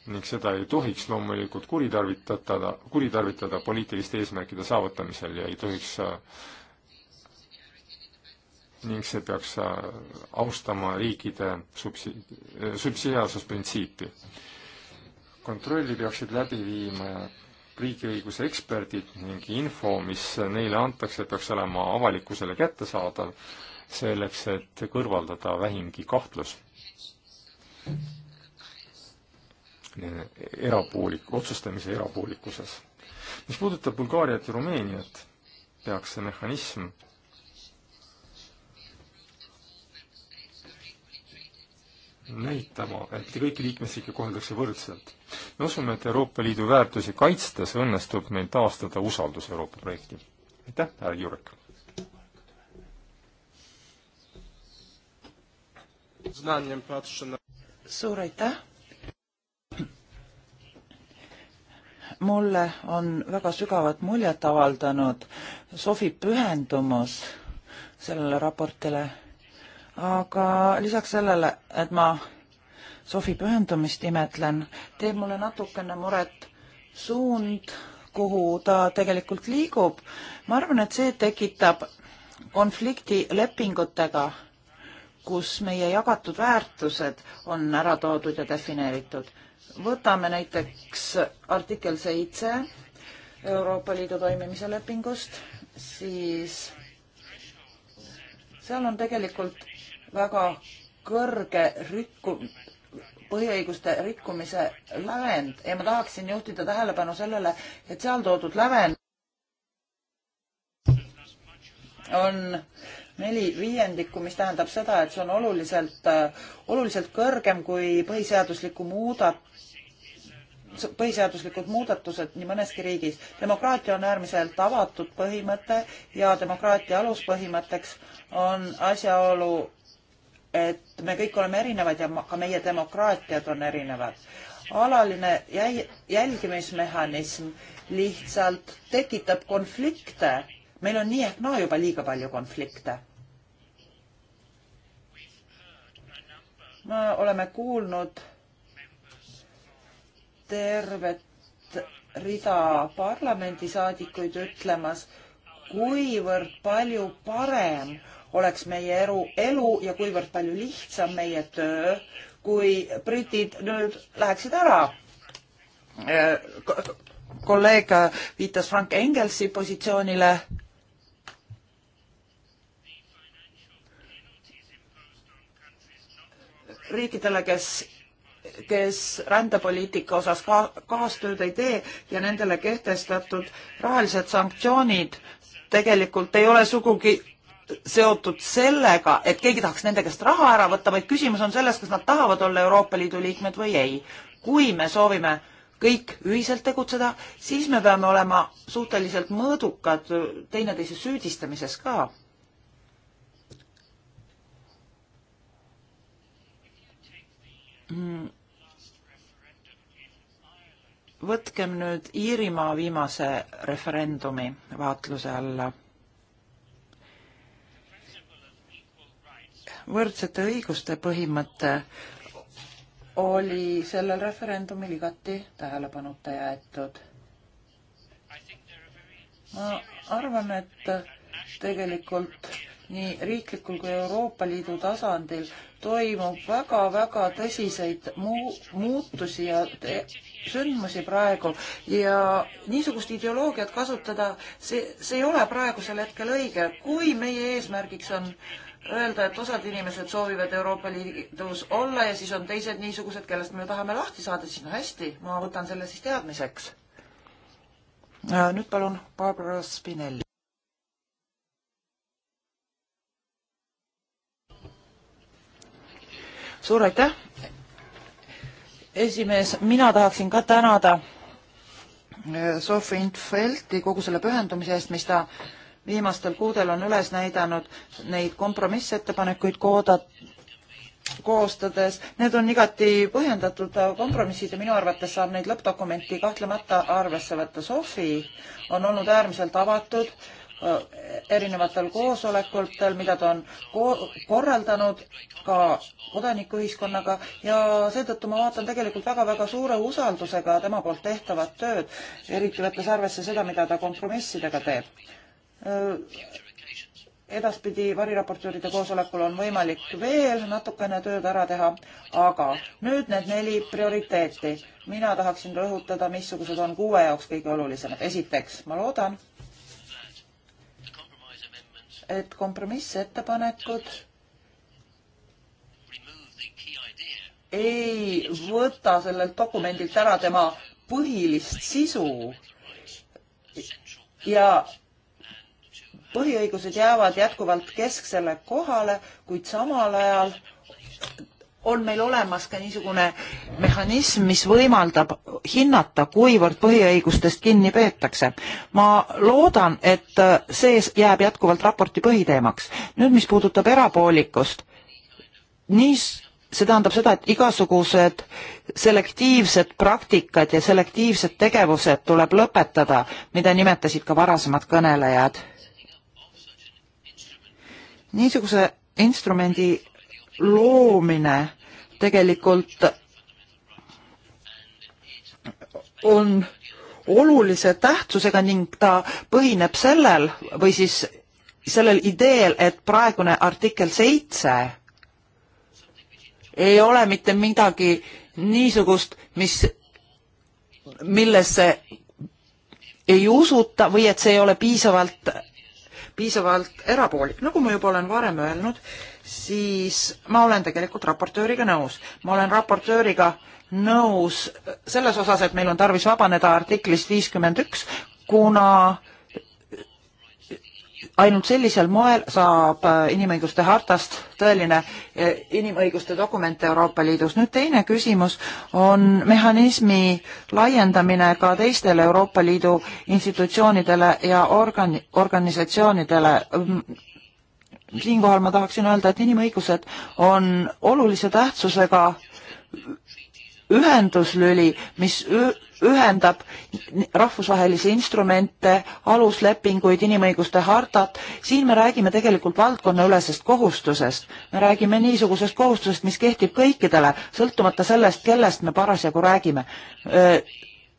C: ning seda ei tohiks loomulikult kuritarvitada, kuritarvitada poliitiliste eesmärkide saavutamisel ja ei tohiks äh, ning see peaks äh, austama riikide subsi-, subsidiaarsusprintsiipi. kontrolli peaksid läbi viima riigiõiguse eksperdid ning info, mis neile antakse, peaks olema avalikkusele kättesaadav, selleks et kõrvaldada vähimgi kahtlus erapoolik, otsustamise erapoolikuses. mis puudutab Bulgaariat ja Rumeeniat, peaks see mehhanism näitama, et kõiki liikmesriike koheldakse võrdselt. me usume, et Euroopa Liidu väärtusi kaitstes õnnestub meil taastada usaldus Euroopa projekti. aitäh, härra Jurek! suur aitäh!
A: mulle on väga sügavat muljet avaldanud Sofi pühendumus sellele raportile aga lisaks sellele, et ma Sofi pühendumist imetlen, teeb mulle natukene muret suund, kuhu ta tegelikult liigub. ma arvan, et see tekitab konflikti lepingutega, kus meie jagatud väärtused on ära toodud ja defineeritud. võtame näiteks artikkel seitse Euroopa Liidu toimimise lepingust, siis seal on tegelikult väga kõrge rikku, põhiõiguste rikkumise lävend ja ma tahaksin juhtida tähelepanu sellele, et seal toodud lävend on neli viiendikku, mis tähendab seda, et see on oluliselt, oluliselt kõrgem kui põhiseadusliku muudat-, põhiseaduslikud muudatused nii mõneski riigis. demokraatia on äärmiselt avatud põhimõte ja demokraatia aluspõhimõtteks on asjaolu, et me kõik oleme erinevad ja ka meie demokraatiad on erinevad. alaline jälgimismehhanism lihtsalt tekitab konflikte. meil on nii ehk naa juba liiga palju konflikte. me oleme kuulnud tervet rida parlamendisaadikuid ütlemas, kuivõrd palju parem oleks meie elu, elu ja kuivõrd palju lihtsam meie töö, kui britid nüüd läheksid ära äh, kolleeg viitas Frank Engelsi positsioonile. riikidele, kes, kes rändepoliitika osas ka, kaastööd ei tee ja nendele kehtestatud rahalised sanktsioonid tegelikult ei ole sugugi seotud sellega, et keegi tahaks nende käest raha ära võtta, vaid küsimus on selles, kas nad tahavad olla Euroopa Liidu liikmed või ei. kui me soovime kõik ühiselt tegutseda, siis me peame olema suhteliselt mõõdukad teineteise süüdistamises ka. Mm. võtkem nüüd Iirimaa viimase referendumi vaatluse alla võrdsete õiguste põhimõte oli sellel referendumil igati tähelepanuta jäetud. ma arvan, et tegelikult nii riiklikul kui Euroopa Liidu tasandil toimub väga-väga tõsiseid mu muutusi ja sündmusi praegu ja niisugust ideoloogiat kasutada, see, see ei ole praegusel hetkel õige. kui meie eesmärgiks on äh, öelda, et osad inimesed soovivad Euroopa Liidus olla ja siis on teised niisugused, kellest me tahame lahti saada, siis no hästi, ma võtan selle siis teadmiseks. Äh, nüüd palun Barbara Spinelli. suur aitäh, esimees, mina tahaksin ka tänada äh, Sofi Intfelti kogu selle pühendumise eest, mis ta äh, viimastel kuudel on üles näidanud neid kompromissettepanekuid koodat-, koostades, need on igati põhjendatud kompromissid ja minu arvates saab neid lõppdokumenti kahtlemata arvesse võtta. Sofi on olnud äärmiselt avatud äh, erinevatel koosolekutel, mida ta on ko korraldanud ka kodanikuühiskonnaga ja seetõttu ma vaatan tegelikult väga-väga suure usaldusega tema poolt tehtavat tööd, eriti võttes arvesse seda, mida ta kompromissidega teeb Äh, edaspidi variraportööride koosolekul on võimalik veel natukene tööd ära teha, aga nüüd need neli prioriteeti. mina tahaksin rõhutada, missugused on kuue jaoks kõige olulisemad. esiteks, ma loodan, et kompromissettepanekud ei võta sellelt dokumendilt ära tema põhilist sisu ja põhiõigused jäävad jätkuvalt kesksele kohale, kuid samal ajal on meil olemas ka niisugune mehhanism, mis võimaldab hinnata, kuivõrd põhiõigustest kinni peetakse. ma loodan, et see jääb jätkuvalt raporti põhiteemaks. nüüd, mis puudutab erapoolikust, nii see tähendab seda, et igasugused selektiivsed praktikad ja selektiivsed tegevused tuleb lõpetada, mida nimetasid ka varasemad kõnelejad niisuguse instrumendi loomine tegelikult on olulise tähtsusega ning ta põhineb sellel või siis sellel ideel, et praegune artikkel seitse ei ole mitte midagi niisugust, mis, millesse ei usuta või et see ei ole piisavalt piisavalt erapoolik. nagu ma juba olen varem öelnud, siis ma olen tegelikult raportööriga nõus. ma olen raportööriga nõus selles osas, et meil on tarvis vabaneda artiklist viiskümmend üks, kuna ainult sellisel moel saab äh, inimõiguste hartast tõeline äh, inimõiguste dokument Euroopa Liidus. nüüd teine küsimus on mehhanismi laiendamine ka teistele Euroopa Liidu institutsioonidele ja organi-, organisatsioonidele. Mm, siinkohal ma tahaksin öelda, et inimõigused on olulise tähtsusega ühenduslüli, mis ühendab rahvusvahelisi instrumente, aluslepinguid, inimõiguste hartat, siin me räägime tegelikult valdkonnaülesest kohustusest. me räägime niisugusest kohustusest, mis kehtib kõikidele, sõltumata sellest, kellest me parasjagu räägime.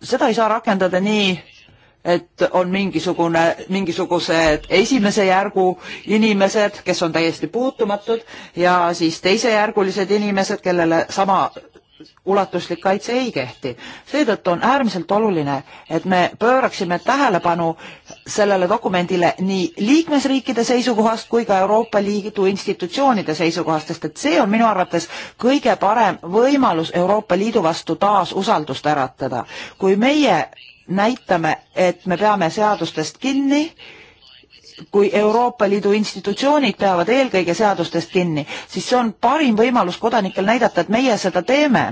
A: seda ei saa rakendada nii, et on mingisugune, mingisugused esimese järgu inimesed, kes on täiesti puutumatud ja siis teisejärgulised inimesed, kellele sama ulatuslik kaitse ei kehti. seetõttu on äärmiselt oluline, et me pööraksime tähelepanu sellele dokumendile nii liikmesriikide seisukohast kui ka Euroopa Liidu institutsioonide seisukohast, sest et see on minu arvates kõige parem võimalus Euroopa Liidu vastu taas usaldust äratada. kui meie näitame, et me peame seadustest kinni, kui Euroopa Liidu institutsioonid peavad eelkõige seadustest kinni, siis see on parim võimalus kodanikel näidata, et meie seda teeme.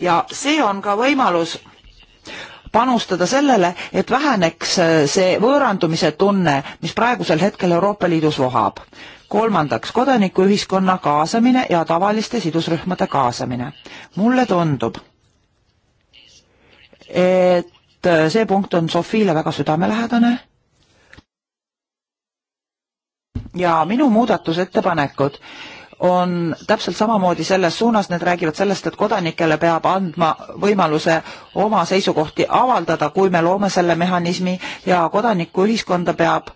A: ja see on ka võimalus panustada sellele, et väheneks äh, see võõrandumise tunne, mis praegusel hetkel Euroopa Liidus vohab. kolmandaks, kodanikuühiskonna kaasamine ja tavaliste sidusrühmade kaasamine. mulle tundub, et äh, see punkt on Sofiile väga südamelähedane ja minu muudatusettepanekud on täpselt samamoodi selles suunas, need räägivad sellest, et kodanikele peab andma võimaluse oma seisukohti avaldada, kui me loome selle mehhanismi ja kodanikuühiskonda peab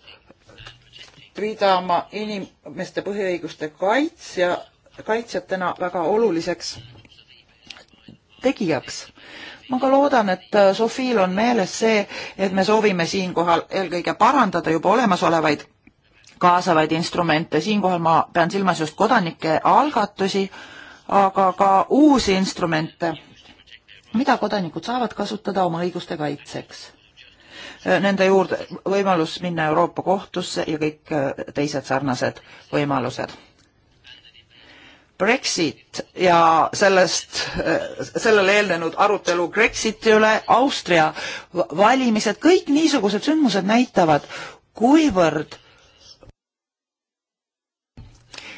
A: pidama inimeste põhiõiguste kaitsja, kaitsjatena väga oluliseks tegijaks. ma ka loodan, et äh, Sofiil on meeles see, et me soovime siinkohal eelkõige parandada juba olemasolevaid kaasavaid instrumente, siinkohal ma pean silmas just kodanike algatusi, aga ka uusi instrumente, mida kodanikud saavad kasutada oma õiguste kaitseks. Äh, nende juurde võimalus minna Euroopa kohtusse ja kõik äh, teised sarnased võimalused Brexit ja sellest, äh, sellele eelnenud arutelu Brexiti üle, Austria valimised, kõik niisugused sündmused näitavad, kuivõrd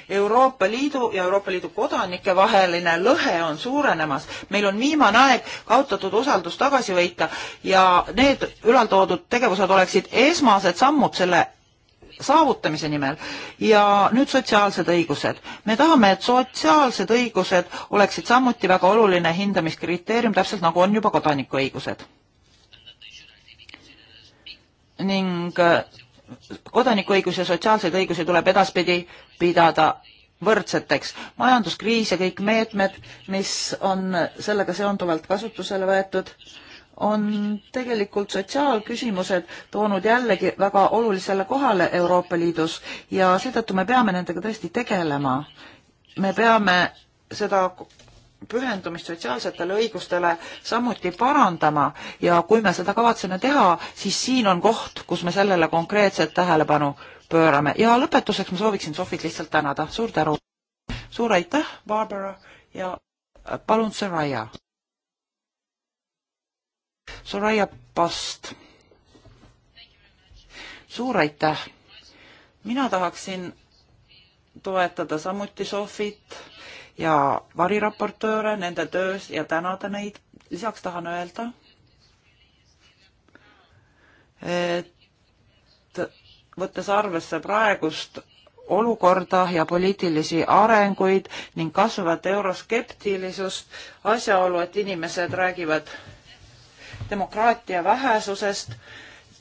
A: Euroopa Liidu ja Euroopa Liidu kodanike vaheline lõhe on suurenemas. meil on viimane aeg kaotatud usaldus tagasi võita ja need ülaltoodud tegevused oleksid esmased sammud selle saavutamise nimel ja nüüd sotsiaalsed õigused. me tahame, et sotsiaalsed õigused oleksid samuti väga oluline hindamiskriteerium, täpselt nagu on juba kodanikuõigused. ning kodanikuõigusi ja sotsiaalseid õigusi tuleb edaspidi pidada võrdseteks. majanduskriis ja kõik meetmed, mis on sellega seonduvalt kasutusele võetud, on tegelikult sotsiaalküsimused toonud jällegi väga olulisele kohale Euroopa Liidus ja seetõttu me peame nendega tõesti tegelema. me peame seda pühendumist sotsiaalsetele õigustele samuti parandama ja kui me seda kavatseme teha, siis siin on koht, kus me sellele konkreetset tähelepanu pöörame. ja lõpetuseks ma sooviksin Sofit lihtsalt tänada, suur tänu! suur aitäh, Barbara, ja palun, Soraya! Soraya Past. suur aitäh! mina tahaksin toetada samuti Sofit ja variraportööre nende töös ja tänada neid. lisaks tahan öelda, et võttes arvesse praegust olukorda ja poliitilisi arenguid ning kasvavat euroskeptilisust, asjaolu, et inimesed räägivad demokraatia vähesusest,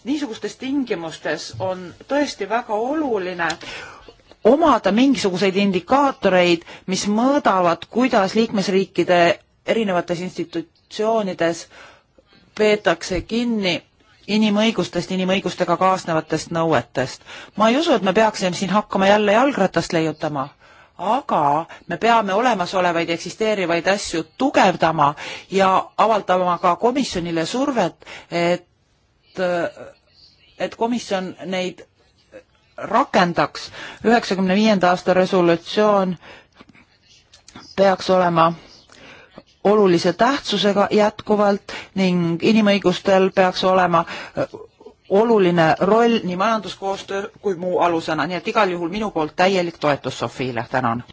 A: niisugustes tingimustes on tõesti väga oluline omada mingisuguseid indikaatoreid, mis mõõdavad, kuidas liikmesriikide erinevates institutsioonides peetakse kinni inimõigustest, inimõigustega kaasnevatest nõuetest. ma ei usu, et me peaksime siin hakkama jälle jalgratast leiutama, aga me peame olemasolevaid eksisteerivaid asju tugevdama ja avaldama ka komisjonile survet, et et komisjon neid rakendaks. üheksakümne viienda aasta resolutsioon peaks olema olulise tähtsusega jätkuvalt ning inimõigustel peaks olema äh, oluline roll nii majanduskoostöö kui muu alusena, nii et igal juhul minu poolt täielik toetus Sofiile, tänan.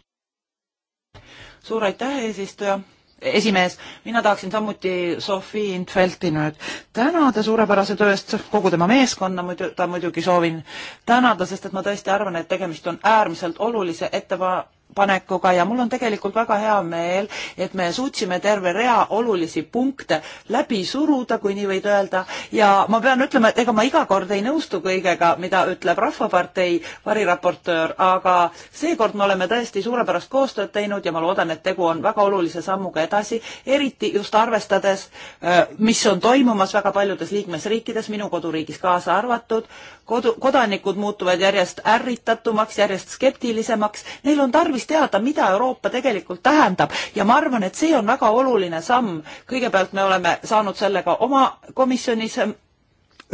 A: suur aitäh, eesistuja esimees, mina tahaksin samuti Sophie Infeldti nüüd tänada suurepärase töö eest, kogu tema meeskonna muidu, ta muidugi soovin tänada, sest et ma tõesti arvan, et tegemist on äärmiselt olulise ettepa-, panekuga ja mul on tegelikult väga hea meel, et me suutsime terve rea olulisi punkte läbi suruda, kui nii võid öelda, ja ma pean ütlema, et ega ma iga kord ei nõustu kõigega, mida ütleb Rahvapartei variraportöör, aga seekord me oleme tõesti suurepärast koostööd teinud ja ma loodan, et tegu on väga olulise sammuga edasi, eriti just arvestades, äh, mis on toimumas väga paljudes liikmesriikides, minu koduriigis kaasa arvatud, kodu, kodanikud muutuvad järjest ärritatumaks, järjest skeptilisemaks, neil on tarvis teada, mida Euroopa tegelikult tähendab ja ma arvan, et see on väga oluline samm. kõigepealt me oleme saanud sellega oma komisjonis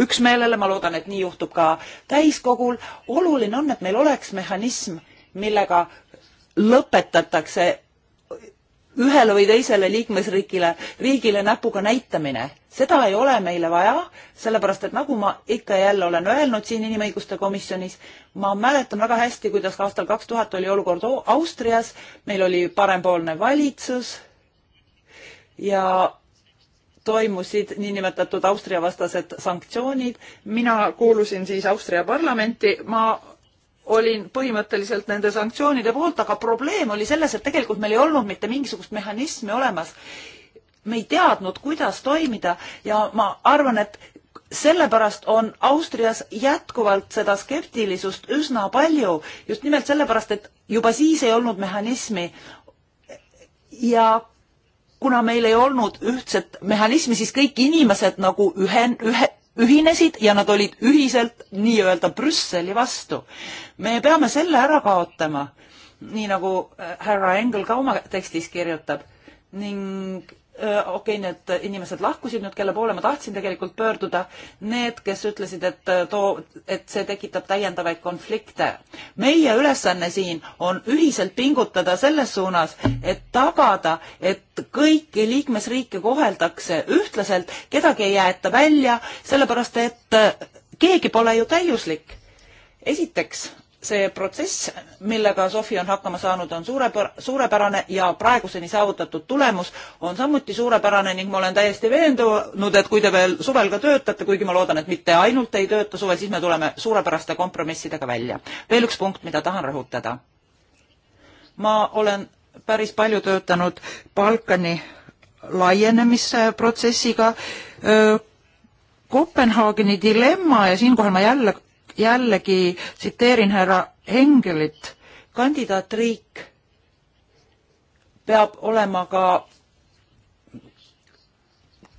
A: üksmeelele, ma loodan, et nii juhtub ka täiskogul. oluline on, et meil oleks mehhanism, millega lõpetatakse ühele või teisele liikmesriigile, riigile näpuga näitamine. seda ei ole meile vaja, sellepärast et nagu ma ikka ja jälle olen öelnud siin inimõiguste komisjonis, ma mäletan väga hästi, kuidas aastal kaks tuhat oli olukord Austrias, meil oli parempoolne valitsus ja toimusid niinimetatud Austria vastased sanktsioonid. mina kuulusin siis Austria parlamenti, ma olin põhimõtteliselt nende sanktsioonide poolt, aga probleem oli selles, et tegelikult meil ei olnud mitte mingisugust mehhanismi olemas. me ei teadnud, kuidas toimida ja ma arvan, et sellepärast on Austrias jätkuvalt seda skeptilisust üsna palju, just nimelt sellepärast, et juba siis ei olnud mehhanismi. ja kuna meil ei olnud ühtset mehhanismi, siis kõik inimesed nagu ühe, ühe, ühinesid ja nad olid ühiselt nii-öelda Brüsseli vastu. me peame selle ära kaotama, nii nagu äh, härra Engel ka oma tekstis kirjutab ning Äh, okei okay,, need inimesed lahkusid nüüd, kelle poole ma tahtsin tegelikult pöörduda, need, kes ütlesid, et äh, too, et see tekitab täiendavaid konflikte. meie ülesanne siin on ühiselt pingutada selles suunas, et tagada, et kõiki liikmesriike koheldakse ühtlaselt, kedagi ei jäeta välja, sellepärast et äh, keegi pole ju täiuslik. esiteks see protsess, millega Sofi on hakkama saanud, on suurepära-, suurepärane ja praeguseni saavutatud tulemus on samuti suurepärane ning ma olen täiesti veendunud, et kui te veel suvel ka töötate, kuigi ma loodan, et mitte ainult ei tööta suvel, siis me tuleme suurepäraste kompromissidega välja. veel üks punkt, mida tahan rõhutada. ma olen päris palju töötanud Balkani laienemise protsessiga, Kopenhaageni dilemma ja siinkohal ma jälle jällegi tsiteerin härra Engelit, kandidaatriik peab olema ka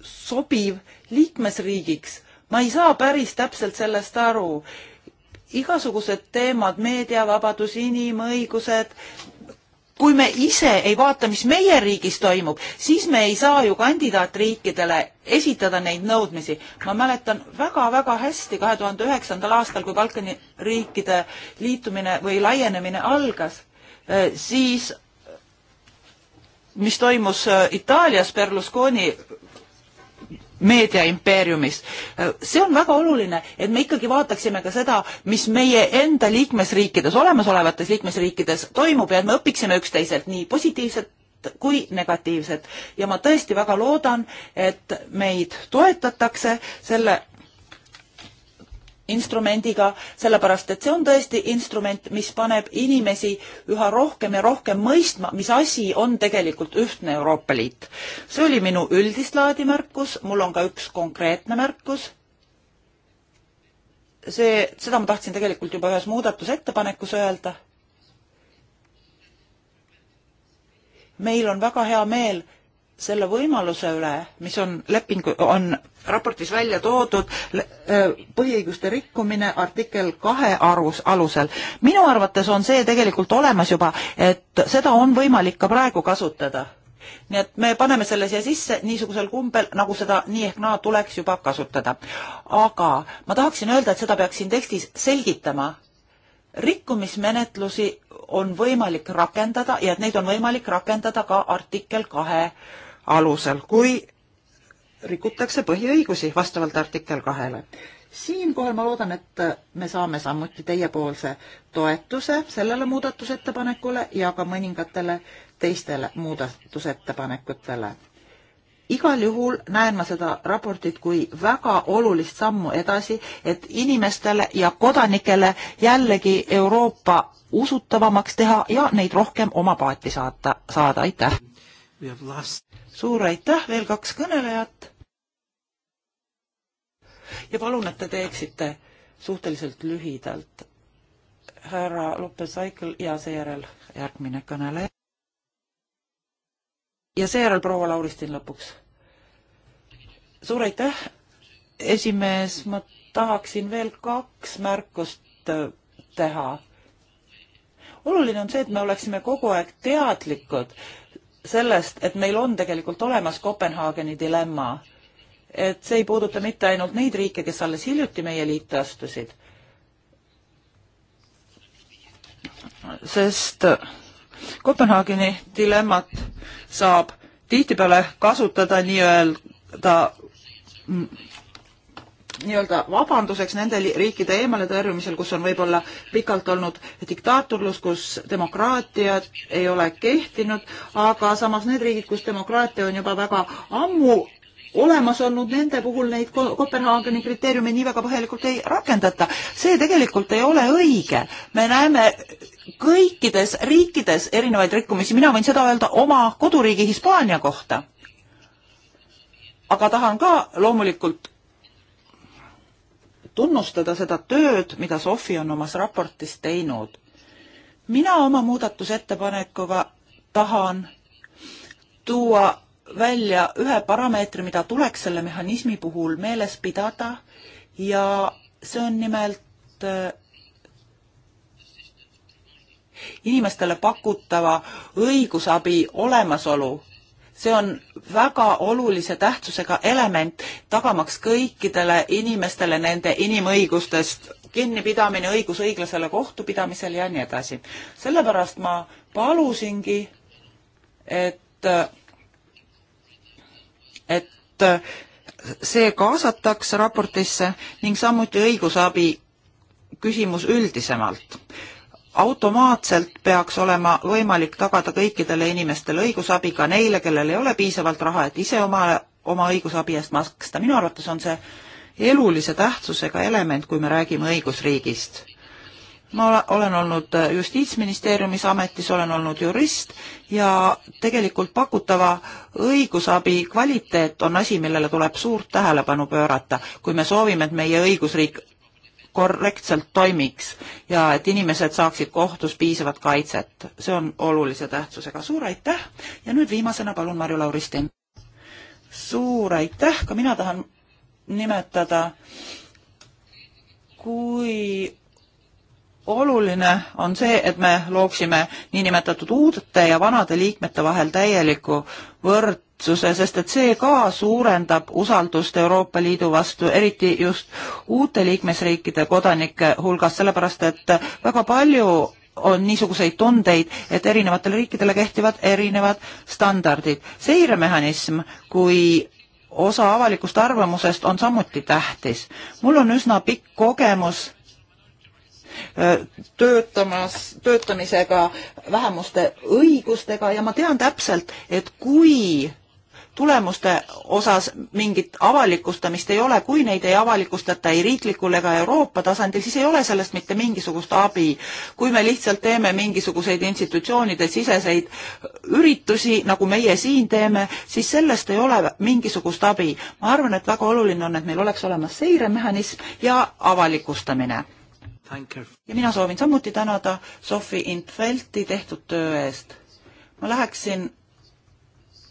A: sobiv liikmesriigiks. ma ei saa päris täpselt sellest aru. igasugused teemad, meediavabadus, inimõigused, kui me ise ei vaata, mis meie riigis toimub, siis me ei saa ju kandidaatriikidele esitada neid nõudmisi. ma mäletan väga-väga hästi kahe tuhande üheksandal aastal, kui Balkani riikide liitumine või laienemine algas, eh, siis mis toimus eh, Itaalias Berlusconi meediaimpeeriumis. see on väga oluline, et me ikkagi vaataksime ka seda, mis meie enda liikmesriikides, olemasolevates liikmesriikides toimub ja et me õpiksime üksteiselt nii positiivset kui negatiivset ja ma tõesti väga loodan, et meid toetatakse selle instrumendiga, sellepärast et see on tõesti instrument, mis paneb inimesi üha rohkem ja rohkem mõistma, mis asi on tegelikult ühtne Euroopa Liit. see oli minu üldist laadi märkus, mul on ka üks konkreetne märkus. see, seda ma tahtsin tegelikult juba ühes muudatusettepanekus öelda. meil on väga hea meel selle võimaluse üle, mis on lepingu, on raportis välja toodud põhiõiguste rikkumine artikkel kahe arus, alusel. minu arvates on see tegelikult olemas juba, et seda on võimalik ka praegu kasutada. nii et me paneme selle siia sisse niisugusel kumbel, nagu seda nii ehk naa tuleks juba kasutada. aga ma tahaksin öelda, et seda peaks siin tekstis selgitama. rikkumismenetlusi on võimalik rakendada ja et neid on võimalik rakendada ka artikkel kahe 2 alusel, kui rikutakse põhiõigusi vastavalt artikkel kahele. siinkohal ma loodan, et me saame samuti teiepoolse toetuse sellele muudatusettepanekule ja ka mõningatele teistele muudatusettepanekutele. igal juhul näen ma seda raportit kui väga olulist sammu edasi, et inimestele ja kodanikele jällegi Euroopa usutavamaks teha ja neid rohkem oma paati saata, saada, aitäh! suur aitäh, veel kaks kõnelejat. ja palun, et te teeksite suhteliselt lühidalt. härra Lopez-Aikl ja seejärel järgmine kõneleja. ja seejärel proua Lauristin lõpuks. suur aitäh, esimees, ma tahaksin veel kaks märkust teha. oluline on see, et me oleksime kogu aeg teadlikud sellest, et meil on tegelikult olemas Kopenhaageni dilemma. et see ei puuduta mitte ainult neid riike, kes alles hiljuti meie liitu astusid, sest Kopenhaageni dilemmat saab tihtipeale kasutada nii-öelda nii-öelda vabanduseks nende riikide eemale tõrjumisel, kus on võib-olla pikalt olnud diktaatorlus, kus demokraatiat ei ole kehtinud, aga samas need riigid, kus demokraatia on juba väga ammu olemas olnud, nende puhul neid Kopenhaageni kriteeriume nii väga põhjalikult ei rakendata. see tegelikult ei ole õige. me näeme kõikides riikides erinevaid rikkumisi, mina võin seda öelda oma koduriigi Hispaania kohta. aga tahan ka loomulikult tunnustada seda tööd, mida Sofi on omas raportis teinud. mina oma muudatusettepanekuga tahan tuua välja ühe parameetri, mida tuleks selle mehhanismi puhul meeles pidada ja see on nimelt äh, inimestele pakutava õigusabi olemasolu see on väga olulise tähtsusega element, tagamaks kõikidele inimestele nende inimõigustest kinnipidamine, õigus õiglasele kohtupidamisele ja nii edasi. sellepärast ma palusingi, et, et see kaasataks raportisse ning samuti õigusabi küsimus üldisemalt automaatselt peaks olema võimalik tagada kõikidele inimestele õigusabi, ka neile, kellel ei ole piisavalt raha, et ise oma, oma õigusabi eest maksta. minu arvates on see elulise tähtsusega element, kui me räägime õigusriigist. ma olen olnud Justiitsministeeriumis ametis, olen olnud jurist ja tegelikult pakutava õigusabi kvaliteet on asi, millele tuleb suurt tähelepanu pöörata, kui me soovime, et meie õigusriik korrektselt toimiks ja et inimesed saaksid kohtus piisavat kaitset. see on olulise tähtsusega. suur aitäh ja nüüd viimasena palun Marju Lauristin. suur aitäh, ka mina tahan nimetada, kui oluline on see, et me looksime niinimetatud uute ja vanade liikmete vahel täieliku võrd-, tähtsuse, sest et see ka suurendab usaldust Euroopa Liidu vastu, eriti just uute liikmesriikide kodanike hulgas, sellepärast et väga palju on niisuguseid tundeid, et erinevatele riikidele kehtivad erinevad standardid. seiremehhanism kui osa avalikust arvamusest on samuti tähtis. mul on üsna pikk kogemus töötamas, töötamisega vähemuste õigustega ja ma tean täpselt, et kui tulemuste osas mingit avalikustamist ei ole, kui neid ei avalikustata ei riiklikul ega Euroopa tasandil, siis ei ole sellest mitte mingisugust abi. kui me lihtsalt teeme mingisuguseid institutsioonide siseseid üritusi, nagu meie siin teeme, siis sellest ei ole mingisugust abi. ma arvan, et väga oluline on, et meil oleks olemas seiremehhanism ja avalikustamine. ja mina soovin samuti tänada Sofi Intvelti tehtud töö eest. ma läheksin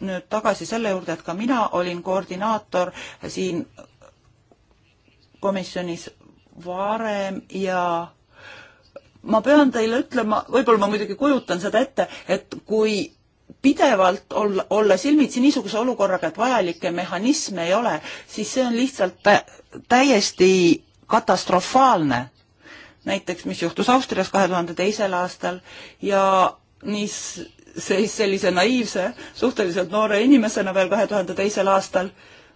A: nüüd tagasi selle juurde, et ka mina olin koordinaator siin komisjonis varem ja ma pean teile ütlema, võib-olla ma muidugi kujutan seda ette, et kui pidevalt olla, olla silmitsi niisuguse olukorraga, et vajalikke mehhanisme ei ole, siis see on lihtsalt täiesti katastrofaalne. näiteks, mis juhtus Austrias kahe tuhande teisel aastal ja niis siis sellise naiivse, suhteliselt noore inimesena veel kahe tuhande teisel aastal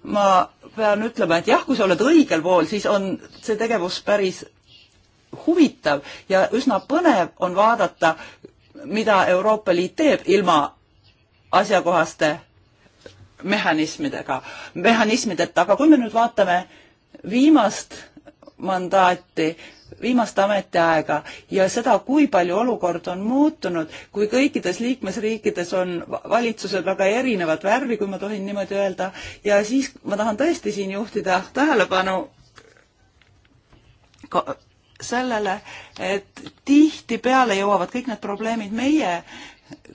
A: ma pean ütlema, et jah, kui sa oled õigel pool, siis on see tegevus päris huvitav ja üsna põnev on vaadata, mida Euroopa Liit teeb ilma asjakohaste mehhanismidega, mehhanismideta, aga kui me nüüd vaatame viimast mandaati, viimast ametiaega ja seda, kui palju olukord on muutunud, kui kõikides liikmesriikides on valitsused väga erinevat värvi, kui ma tohin niimoodi öelda, ja siis ma tahan tõesti siin juhtida tähelepanu sellele, et tihtipeale jõuavad kõik need probleemid meie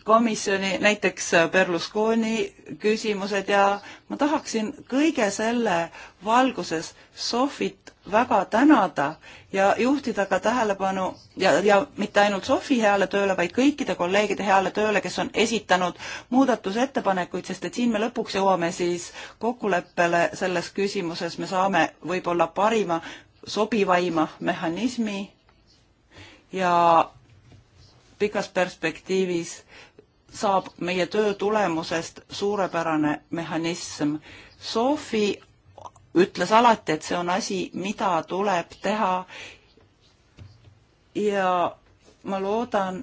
A: komisjoni, näiteks Berlusconi küsimused ja ma tahaksin kõige selle valguses Sofit väga tänada ja juhtida ka tähelepanu ja, ja mitte ainult Sofi heale tööle, vaid kõikide kolleegide heale tööle, kes on esitanud muudatusettepanekuid, sest et siin me lõpuks jõuame siis kokkuleppele selles küsimuses, me saame võib-olla parima, sobivaima mehhanismi ja pikas perspektiivis saab meie töö tulemusest suurepärane mehhanism. Sofi ütles alati, et see on asi, mida tuleb teha ja ma loodan,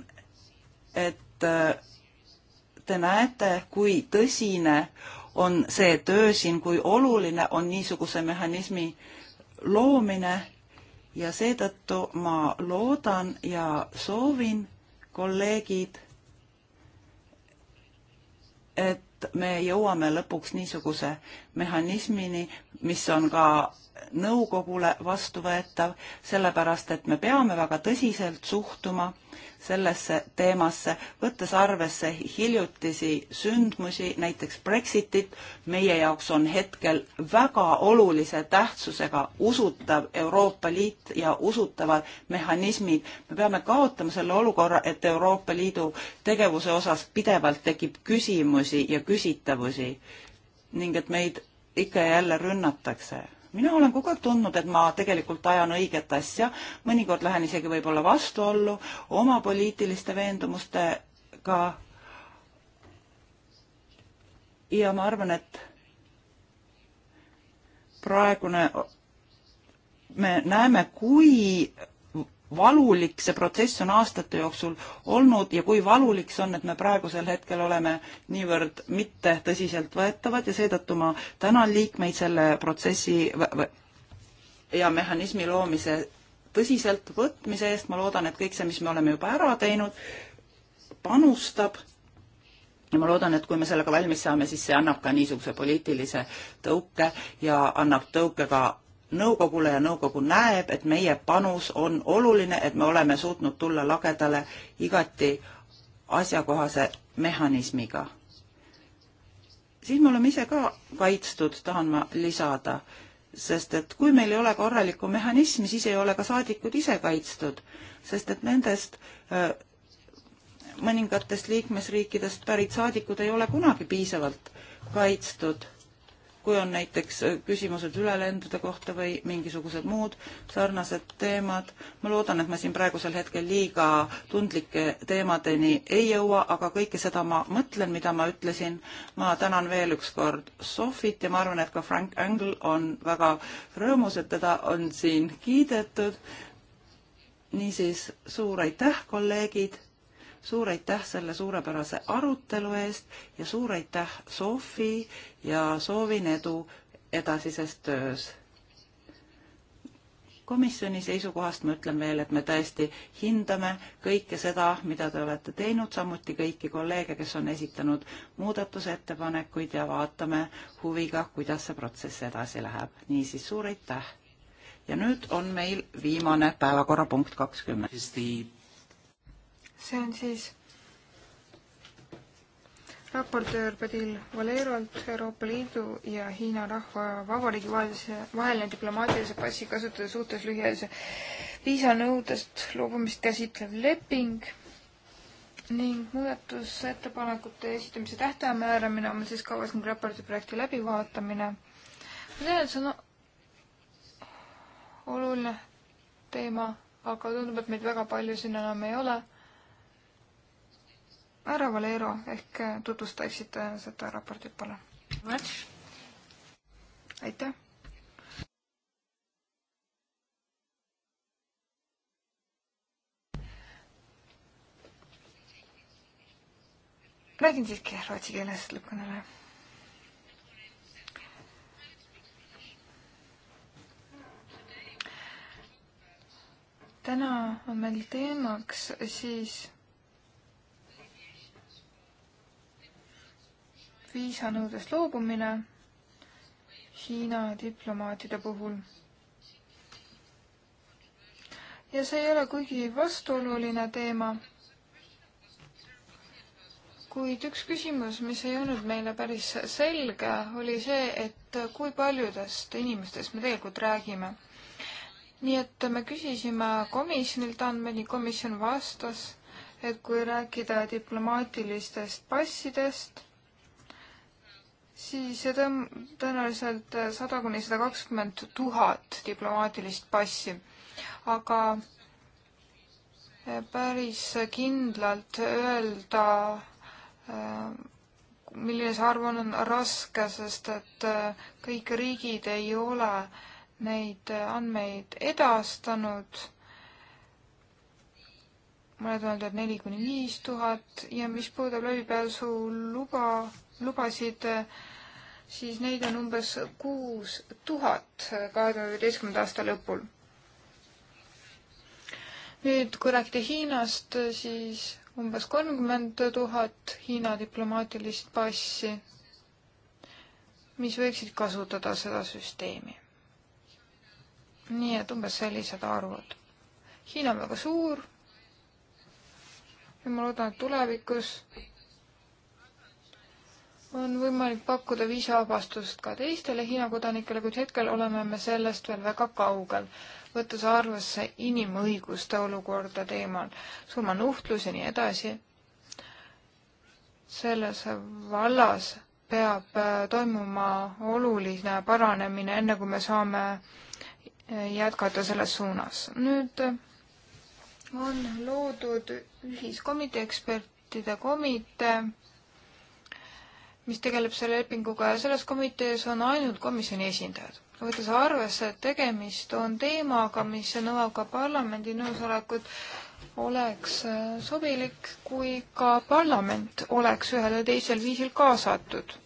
A: et äh, te näete, kui tõsine on see töö siin, kui oluline on niisuguse mehhanismi loomine ja seetõttu ma loodan ja soovin, kolleegid, et me jõuame lõpuks niisuguse mehhanismini, mis on ka nõukogule vastuvõetav, sellepärast et me peame väga tõsiselt suhtuma sellesse teemasse, võttes arvesse hiljutisi sündmusi, näiteks Brexitit. meie jaoks on hetkel väga olulise tähtsusega usutav Euroopa Liit ja usutavad mehhanismid. me peame kaotama selle olukorra, et Euroopa Liidu tegevuse osas pidevalt tekib küsimusi ja küsitavusi ning et meid ikka ja jälle rünnatakse mina olen kogu aeg tundnud, et ma tegelikult ajan õiget asja, mõnikord lähen isegi võib-olla vastuollu oma poliitiliste veendumustega. ja ma arvan, et praegune me näeme, kui valulik see protsess on aastate jooksul olnud ja kui valulik see on, et me praegusel hetkel oleme niivõrd mitte tõsiseltvõetavad ja seetõttu ma tänan liikmeid selle protsessi ja mehhanismi loomise tõsiselt võtmise eest, ma loodan, et kõik see, mis me oleme juba ära teinud, panustab ja ma loodan, et kui me sellega valmis saame, siis see annab ka niisuguse poliitilise tõuke ja annab tõuke ka nõukogule ja nõukogu näeb, et meie panus on oluline, et me oleme suutnud tulla lagedale igati asjakohase mehhanismiga. siis me oleme ise ka kaitstud, tahan ma lisada, sest et kui meil ei ole korralikku mehhanismi, siis ei ole ka saadikud ise kaitstud, sest et nendest mõningatest liikmesriikidest pärit saadikud ei ole kunagi piisavalt kaitstud kui on näiteks äh, küsimused ülelendude kohta või mingisugused muud sarnased teemad. ma loodan, et ma siin praegusel hetkel liiga tundlike teemadeni ei jõua, aga kõike seda ma mõtlen, mida ma ütlesin. ma tänan veel ükskord Sofit ja ma arvan, et ka Frank Angle on väga rõõmus, et teda on siin kiidetud. niisiis suur aitäh, kolleegid suur aitäh selle suurepärase arutelu eest ja suur aitäh, Sofi, ja soovin edu edasises töös. komisjoni seisukohast ma ütlen veel, et me tõesti hindame kõike seda, mida te olete teinud, samuti kõiki kolleege, kes on esitanud muudatusettepanekuid ja vaatame huviga, kuidas see protsess edasi läheb. niisiis, suur aitäh! ja nüüd on meil viimane päevakorrapunkt kakskümmend
B: see on siis raportöör Padil Valerolt Euroopa Liidu ja Hiina Rahvavabariigi vahelise, vaheline diplomaatilise passi kasutaja suhtes lühiajalise viisanõudest loobumist käsitlev leping ning muudatusettepanekute esitamise tähtaja määramine on meil siis kavas ning raporti projekti läbivaatamine. ma tean, et see on oluline teema, aga tundub, et meid väga palju siin enam ei ole härra Valero, ehk äh, tutvustaksite seda raportit, palun? aitäh! räägin siiski rootsi keeles lõppkõnele. täna on meil teemaks siis viisanõudest loobumine Hiina diplomaatide puhul. ja see ei ole kuigi vastuoluline teema, kuid üks küsimus, mis ei olnud meile päris selge, oli see, et kui paljudest inimestest me tegelikult räägime nii et me küsisime komisjonilt andmeid ning komisjon vastas, et kui rääkida diplomaatilistest passidest, siis tõenäoliselt äh, sada kuni sada kakskümmend tuhat diplomaatilist passi. aga äh, päris kindlalt öelda, äh, milline see arv on, on raske, sest et kõik riigid ei ole neid andmeid edastanud. mõned on öelnud, et neli kuni viis tuhat ja mis puudutab läbipääsuluba, lubasid, siis neid on umbes kuus tuhat kahe tuhande üheteistkümnenda aasta lõpul. nüüd, kui rääkida Hiinast, siis umbes kolmkümmend tuhat Hiina diplomaatilist passi, mis võiksid kasutada seda süsteemi. nii et umbes sellised arvud. Hiina on väga suur ja ma loodan, et tulevikus on võimalik pakkuda viisavabastust ka teistele Hiina kodanikele, kuid hetkel oleme me sellest veel väga kaugel, võttes arvesse inimõiguste olukorda teemal, surmanuhtlus ja nii edasi. selles vallas peab äh, toimuma oluline paranemine, enne kui me saame äh, jätkata selles suunas. nüüd äh, on loodud ühiskomitee, ekspertide komitee mis tegeleb selle lepinguga ja selles komitees on ainult komisjoni esindajad. võttes arvesse, et tegemist on teemaga, mis nõuab ka parlamendi nõusolekut, oleks äh, sobilik, kui ka parlament oleks ühel või teisel viisil kaasatud.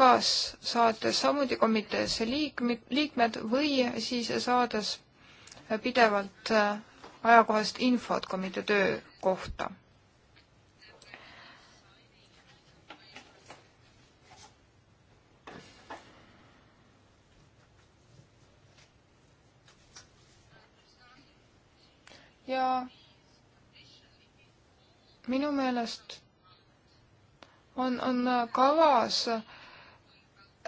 B: kas saates samuti komiteesse liikmed, liikmed või siis saades pidevalt äh, ajakohast infot komitee töö kohta ja minu meelest on, on kavas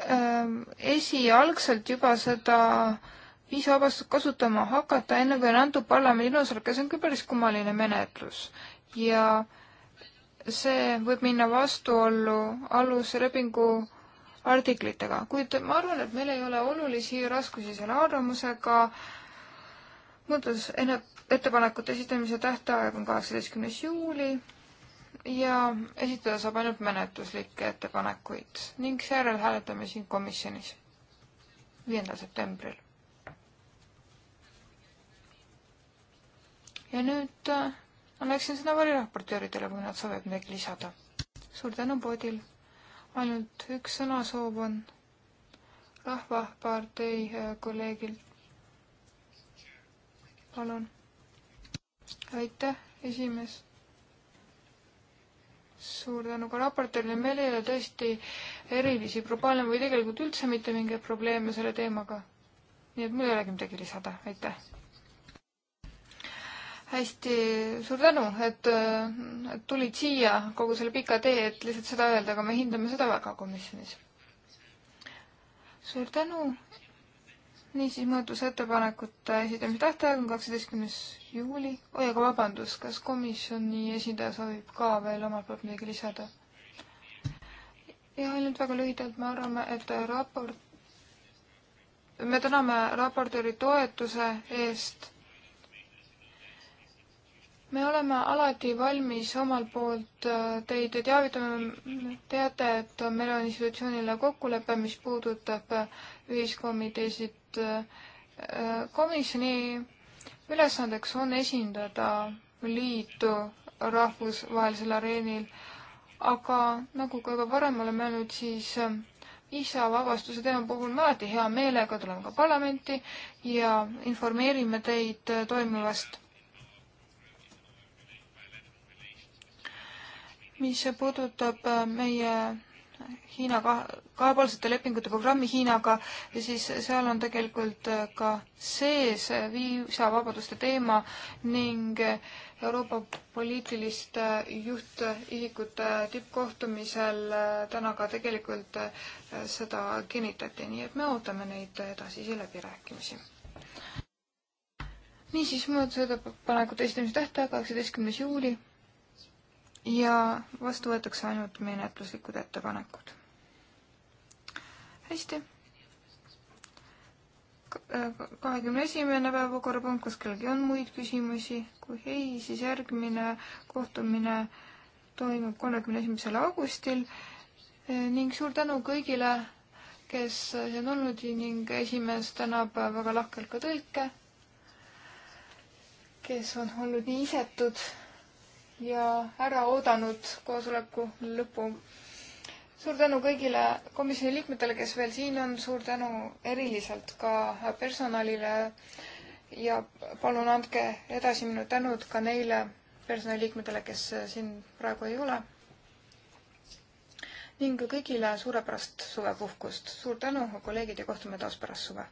B: ähm, esialgselt juba seda viisavabastust kasutama hakata, enne kui on antud parlamendi nõusolek ja see on küll päris kummaline menetlus. ja see võib minna vastuollu aluslepingu artiklitega, kuid ma arvan, et meil ei ole olulisi raskusi selle arvamusega, muutus enne ettepanekute esitamise tähtaeg on kaheksateistkümnes juuli ja esitada saab ainult menetluslikke ettepanekuid ning seejärel hääletame siin komisjonis viiendal septembril. ja nüüd äh, annaksin sõna variraportööridele, kui nad soovivad midagi lisada. suur tänu, Bodil. ainult üks sõnasoov on Rahvapartei äh, kolleegilt. palun aitäh, esimees. suur tänu ka raportöörile, meil ei ole tõesti erilisi probleeme või tegelikult üldse mitte mingeid probleeme selle teemaga. nii et mul ei olegi midagi lisada, aitäh. hästi, suur tänu, et tulid siia kogu selle pika tee, et lihtsalt seda öelda, aga me hindame seda väga komisjonis. suur tänu niisiis, muudatusettepanekute esitamise tähtaeg on kaksteistkümnes juuli. oi, aga vabandust, kas komisjoni esindaja soovib ka veel omalt poolt midagi lisada? ja ainult väga lühidalt, me arvame, et raport, me täname raportööri toetuse eest me oleme alati valmis omalt poolt äh, teid teavitama. teate, et meil on institutsioonile kokkulepe, mis puudutab äh, ühiskomiteesid. Äh, komisjoni ülesandeks on esindada liitu rahvusvahelisel areenil, aga nagu ka juba varem oleme öelnud, siis viisavabastuse teema puhul me alati hea meelega tuleme ka parlamenti ja informeerime teid toimuvast mis puudutab äh, meie Hiina kahepoolsete lepingute programmi Hiinaga, siis seal on tegelikult äh, ka sees viisavabaduste teema ning Euroopa poliitiliste äh, juhtisikute tippkohtumisel täna ka tegelikult seda kinnitati, nii et me ootame neid edasisi läbirääkimisi. niisiis, muudatusettepanekute esitamise tähtaeg kaheksateistkümnes juuli ja vastu võetakse ainult menetluslikud ettepanekud. hästi. Äh, kahekümne esimene päevakorrapunkt, kas kellelgi on muid küsimusi? kui ei, siis järgmine kohtumine toimub kolmekümne esimesel augustil äh, ning suur tänu kõigile, kes siin olnud ning esimees tänab väga lahkelt ka tõlke, kes on olnud nii isetud ja ära oodanud koosoleku lõpu. suur tänu kõigile komisjoni liikmetele, kes veel siin on, suur tänu eriliselt ka personalile ja palun andke edasi minu tänud ka neile personaliliikmetele, kes siin praegu ei ole. ning kõigile suurepärast suvepuhkust. suur tänu, kolleegid, ja kohtume taas pärast suve